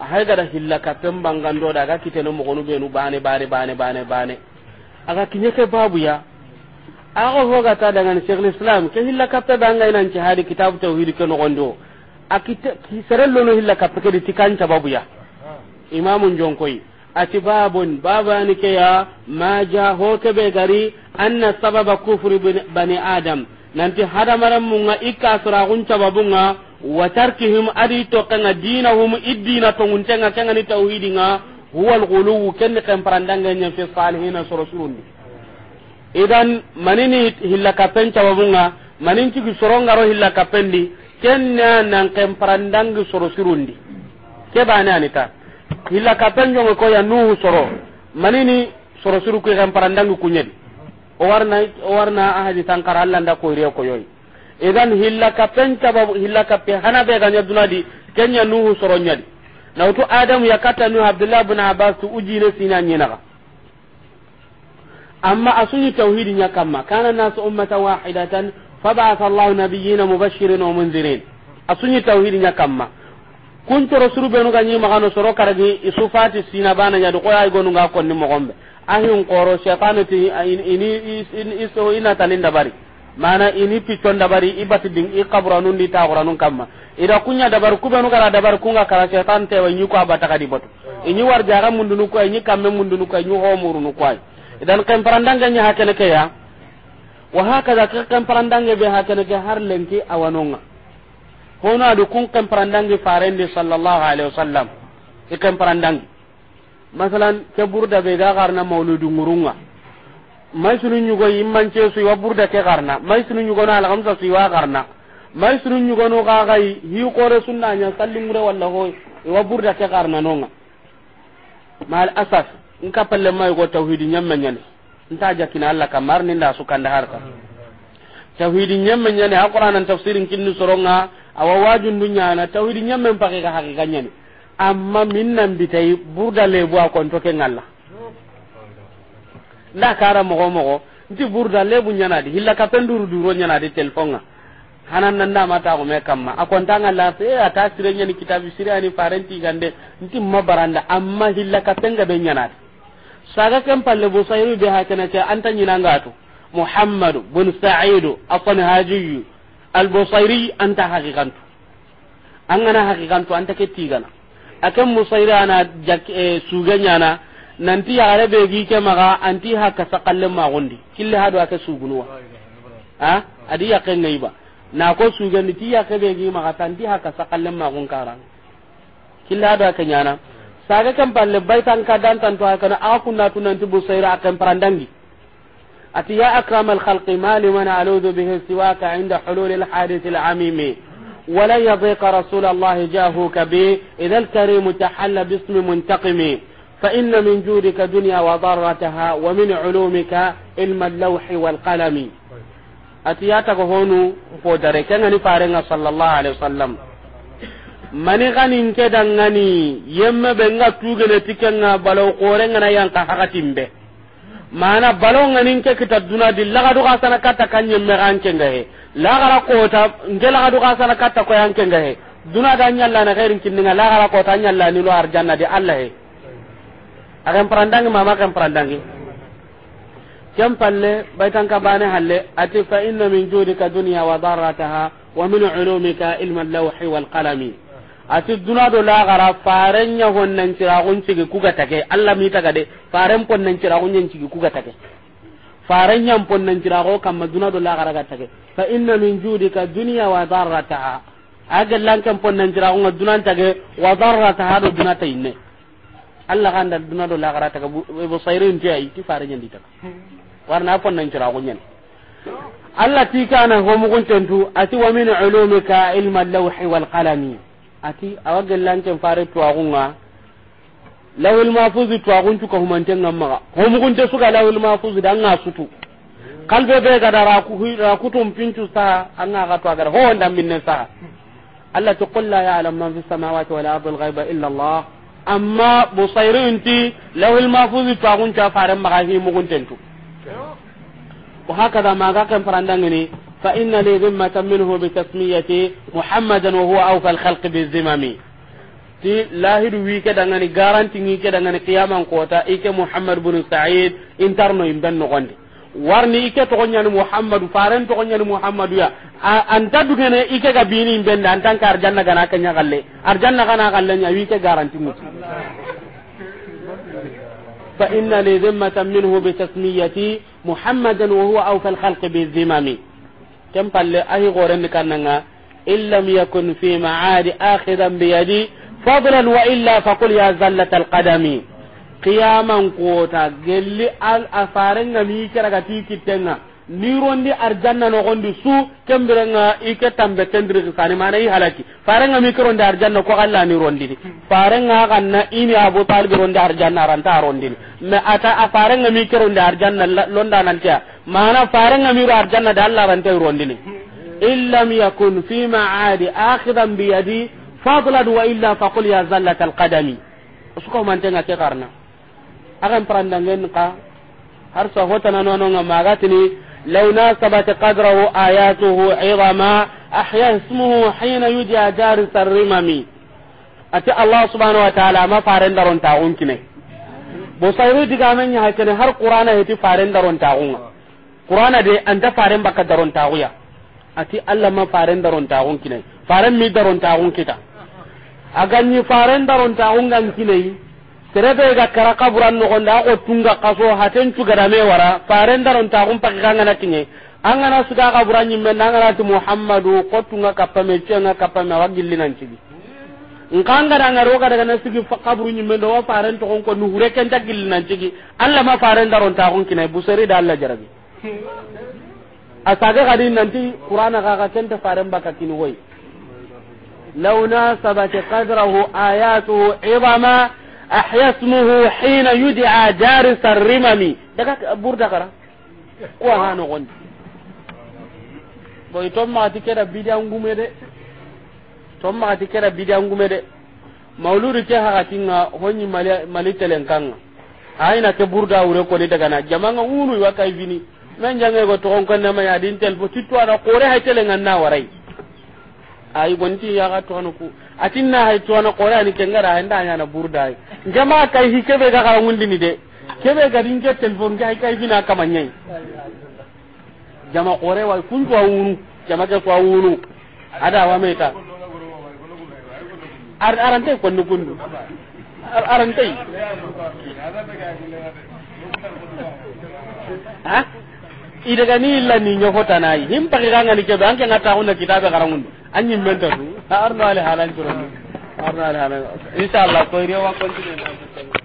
ahay gada hilla kappen bangando daga kite no mogonu benu bane bane bane bane bane aga ke babu ya aga hoga ta ni Syekhul Islam ke hilla kappe banga ina nci hadi kitab tauhid ke no gondo akite ki serello no hilla kappe ke ditikan ta babu ya imamun jonkoi ati babun ni ke ya ma ja ho ke be gari anna sababa kufri bani adam nanti hadamaran munga ikka sura gunta babunga wa tarkihim adi to kanga hum idina to nguntenga kanga ni nga huwa alghulu ken kan parandanga nya fi salihin surasulun idan manini hilla kapen cawabunga manin cigi soronga ro hilla kapendi ken na nan kan parandanga di ke bana anita hilla kapen jongo ko ya nuhu soro manini surasuru ke kan parandanga kunyedi o warna o warna ahadi tankara Allah nda ko riya ko yoyi idan hilla hana be ganya dunadi kenya nuhu soronyadi na utu adam ya kata nu abdullah ibn abbas tu ujine sina amma asunyi tauhidin ya kamma kana nasu ummatan wahidatan فبعث الله نبيين مبشرين ومنذرين أسني توحيد نكما كنت رسول بنو غني ganyi كانوا سرو كرغي إسوفات السينا بانا يدو قوي غنو غاكون نمغمب أهين قورو شيطان mana ini picon dabari ibati ding i qabranun di taquranun kamma ida kunya dabar kubenu kala dabar kunga kala setan tewa nyu ko abata kadi botu ini war jara mundunu ko ini kamme mundunu ko nyu homuru nu ko idan kan parandanga nya hakene ke ya wa hakaza ka kan parandanga be hakene ke har lenki awanonga hono adu kun kan parandangi farende sallallahu alaihi wasallam ikan parandangi masalan ke burda be ga karna mauludu ngurunga mai sunu nyugo yi ce su wa burda ke garna mai sunu nyugo na sa su wa garna mai sunu nyugo no ga ga yi kore sunna nya sallin mure walla ho wa burda ke garna nonga mal asas in ka palle mai go tauhidi nyamma nyane nta jakina alla kamar ni nda su kanda harka tauhidi nyamma nyane alquran tafsirin kinni soronga awa wajun dunya na tauhidi nyamma pake ga hakika nyane amma minnan bitai burda lebu akon to ke ngalla nda kara mogo mogo nti burda lebu nyanadi hilla ka penduru duro di telefonga hanan nan da mata ko me kamma akon tanga la se ata sire nyani kitab sire ani parenti gande nti mabaranda amma hilla ka penga be nyanadi saga kam palle bo sayru be hakana ta anta nyina ngatu muhammad bin sa'id afan haji al-busairi anta haqiqantu angana haqiqantu anta ketigana akan musaira ana jak e, eh, suganya na nanti yagare be gi ke maga anti ha ka sakalle ma gondi kille hado aka sugunuwa ha adi yaqen ngai ba na ko sugandi ti yaqe be gi maga tanti ha ka sakalle ma gon karan kille hado aka nyana saga balle palle baitan ka dan tan to na aku na tunan ti akan parandangi ati ya akramal khalqi mali man a'udhu bihi siwaka inda hulul al hadith al فإن من جودك دنيا وضرتها ومن علومك علم اللوح والقلم أتياتك هونو فودري كان فارنا صلى الله عليه وسلم mani ganin ke dangani yemma be nga tugene tikenga balo kore ngana yanka hakatin be mana balaw nganin ke kita duna di laga du kasana kata kanye me ganke ngahe laga ra kota nge du kasana kata ko yanke ngahe duna da nyalla na gairin kinninga laga ra kota nyalla ni lo arjanna di allah akan parandangi mama kan parandangi kem palle baitan ka bane halle ati fa inna min judika dunya wa darataha wa min ulumika ilma lawhi wal qalami ati duna do la gara faren nya honnan cira gun cigi kuga take Allah mi taga de faren ponnan cira gun nyen cigi kuga take faren nya ponnan cira go kam duna do la gara ga take fa inna min judika dunya wa darataha darrataha agallan kan ponnan cira gun dunan take wa darataha do dunata inne allah kan dal duna do la ta taga bo sayrin ti ay ti fare nyandi taga warna pon nan jira ko nyani allah ti kana ho mu gun tantu ati wa min ulumika ilma lawhi wal qalami ati lan tan fara tuwa agunga lawul mafuz tuwa agun tu ko tan ngamma ho mu gun tesu suka lawul mafuz dan nga sutu kalbe be ga dara ku ra kutum pintu sa an ga to agara ho ndam minne sa allah to qul la ya'lam man fis samawati wal ardi al ghaiba illa allah amma busairin ti lawil mafuzi to agun ta faran magahi mugun tentu wa hakada maga kan ni fa inna li zimmatan minhu bi tasmiyati muhammadan wa huwa awfal khalq bi zimami ti lahidu wi ke dangani garanti ngi ke dangani qiyaman kota ike muhammad bin sa'id intarno imdan no gondi warni ike to nyani muhammadu faren to nyani muhammadu ya anta dugene ike ga bini bende antan ka arjanna gana kanya galle arjanna gana galle nya wi ke garanti mutu fa inna li dhimmatan minhu bi tasmiyati muhammadan wa huwa awfa al-khalqi bi dhimami kam palle ahi goren kananga illam yakun fi ma'adi akhiran bi yadi fadlan wa illa faqul ya zallatal al-qadami qiyaman kota gelli al afarenga mi kiraga ti kittenga nirondi arjanna gondi su kembirenga ike tambe kendiri sani mana yi halaki farenga mi kirondi arjanna ko alla ni farenga kanna ini abu talib rondi arjanna rondi ni me ata afarenga mi kirondi arjanna londa tia mana farenga mi arjanna da alla rondi ni illam yakun fi ma'adi akhidan bi yadi fadlan wa illa faqul ya zallatal qadami suko tenga ke karna akan ngen ka har sa hotana nono nga magatini law nasabata qadrahu ayatuhu idama ahya ismuhu hina yujia jari sarrimami ati allah subhanahu wa ta'ala ma faren daron ta unkine bo sayru diga men ya kene har qur'ana heti faren daron ta unga qur'ana de anta faren baka daron ta uya ati allah ma faren daron ta unkine faren mi daron ta unkita aganni faren daron ta ungan kinai terebe ga kara kaburan no gonda ko tunga kaso haten tu gada me wara faren daron ta kun pakka kanga na tinye angana suka suga kaburan nyi nan gana tu muhammadu ko tunga kappa me cenga kappa me wagilli nan cigi nkanga da ngaro ga daga nasigi kaburu nyi men do wa faren to kon ko nu hure ken dagilli nan cigi alla ma faren daron ta kun kinai busari da alla jarabi asaga gadi nan ti qur'ana ga ga kenta faren baka kini woi law nasabati qadrahu ayatuhu ibama ahya ismuhu hina yud'a daris ar-rimami daga burda kara ko ha no gondi boy to ma ti kera bidan gume de to ma kera bidan gume de mauludu ke ha tinga honni mali telen kanga aina ke burda wure ko ni daga na jamanga unu wa kai bini men jange go to ma ya din tel bo titwa na kore ha telen na warai ay gonti ya ga ku atinna hay tuwana qorani kengara hay ndanya na burda ngama kai hikebe ga kala ngundi ni de kebe ga dinje telefon ga kai bina kamanyai jama qore wa kuntu wa unu jama ke kwa unu ada wa meta
ar arante ko ndu kundu ar arante ha
idaga ni illa ni nyokota nayi him pagi ganga ni kebe anke ngata hunna kitabe garangundu anyin men tatu arno ale halan turu arno ale halan inshallah ko riyo wa
continue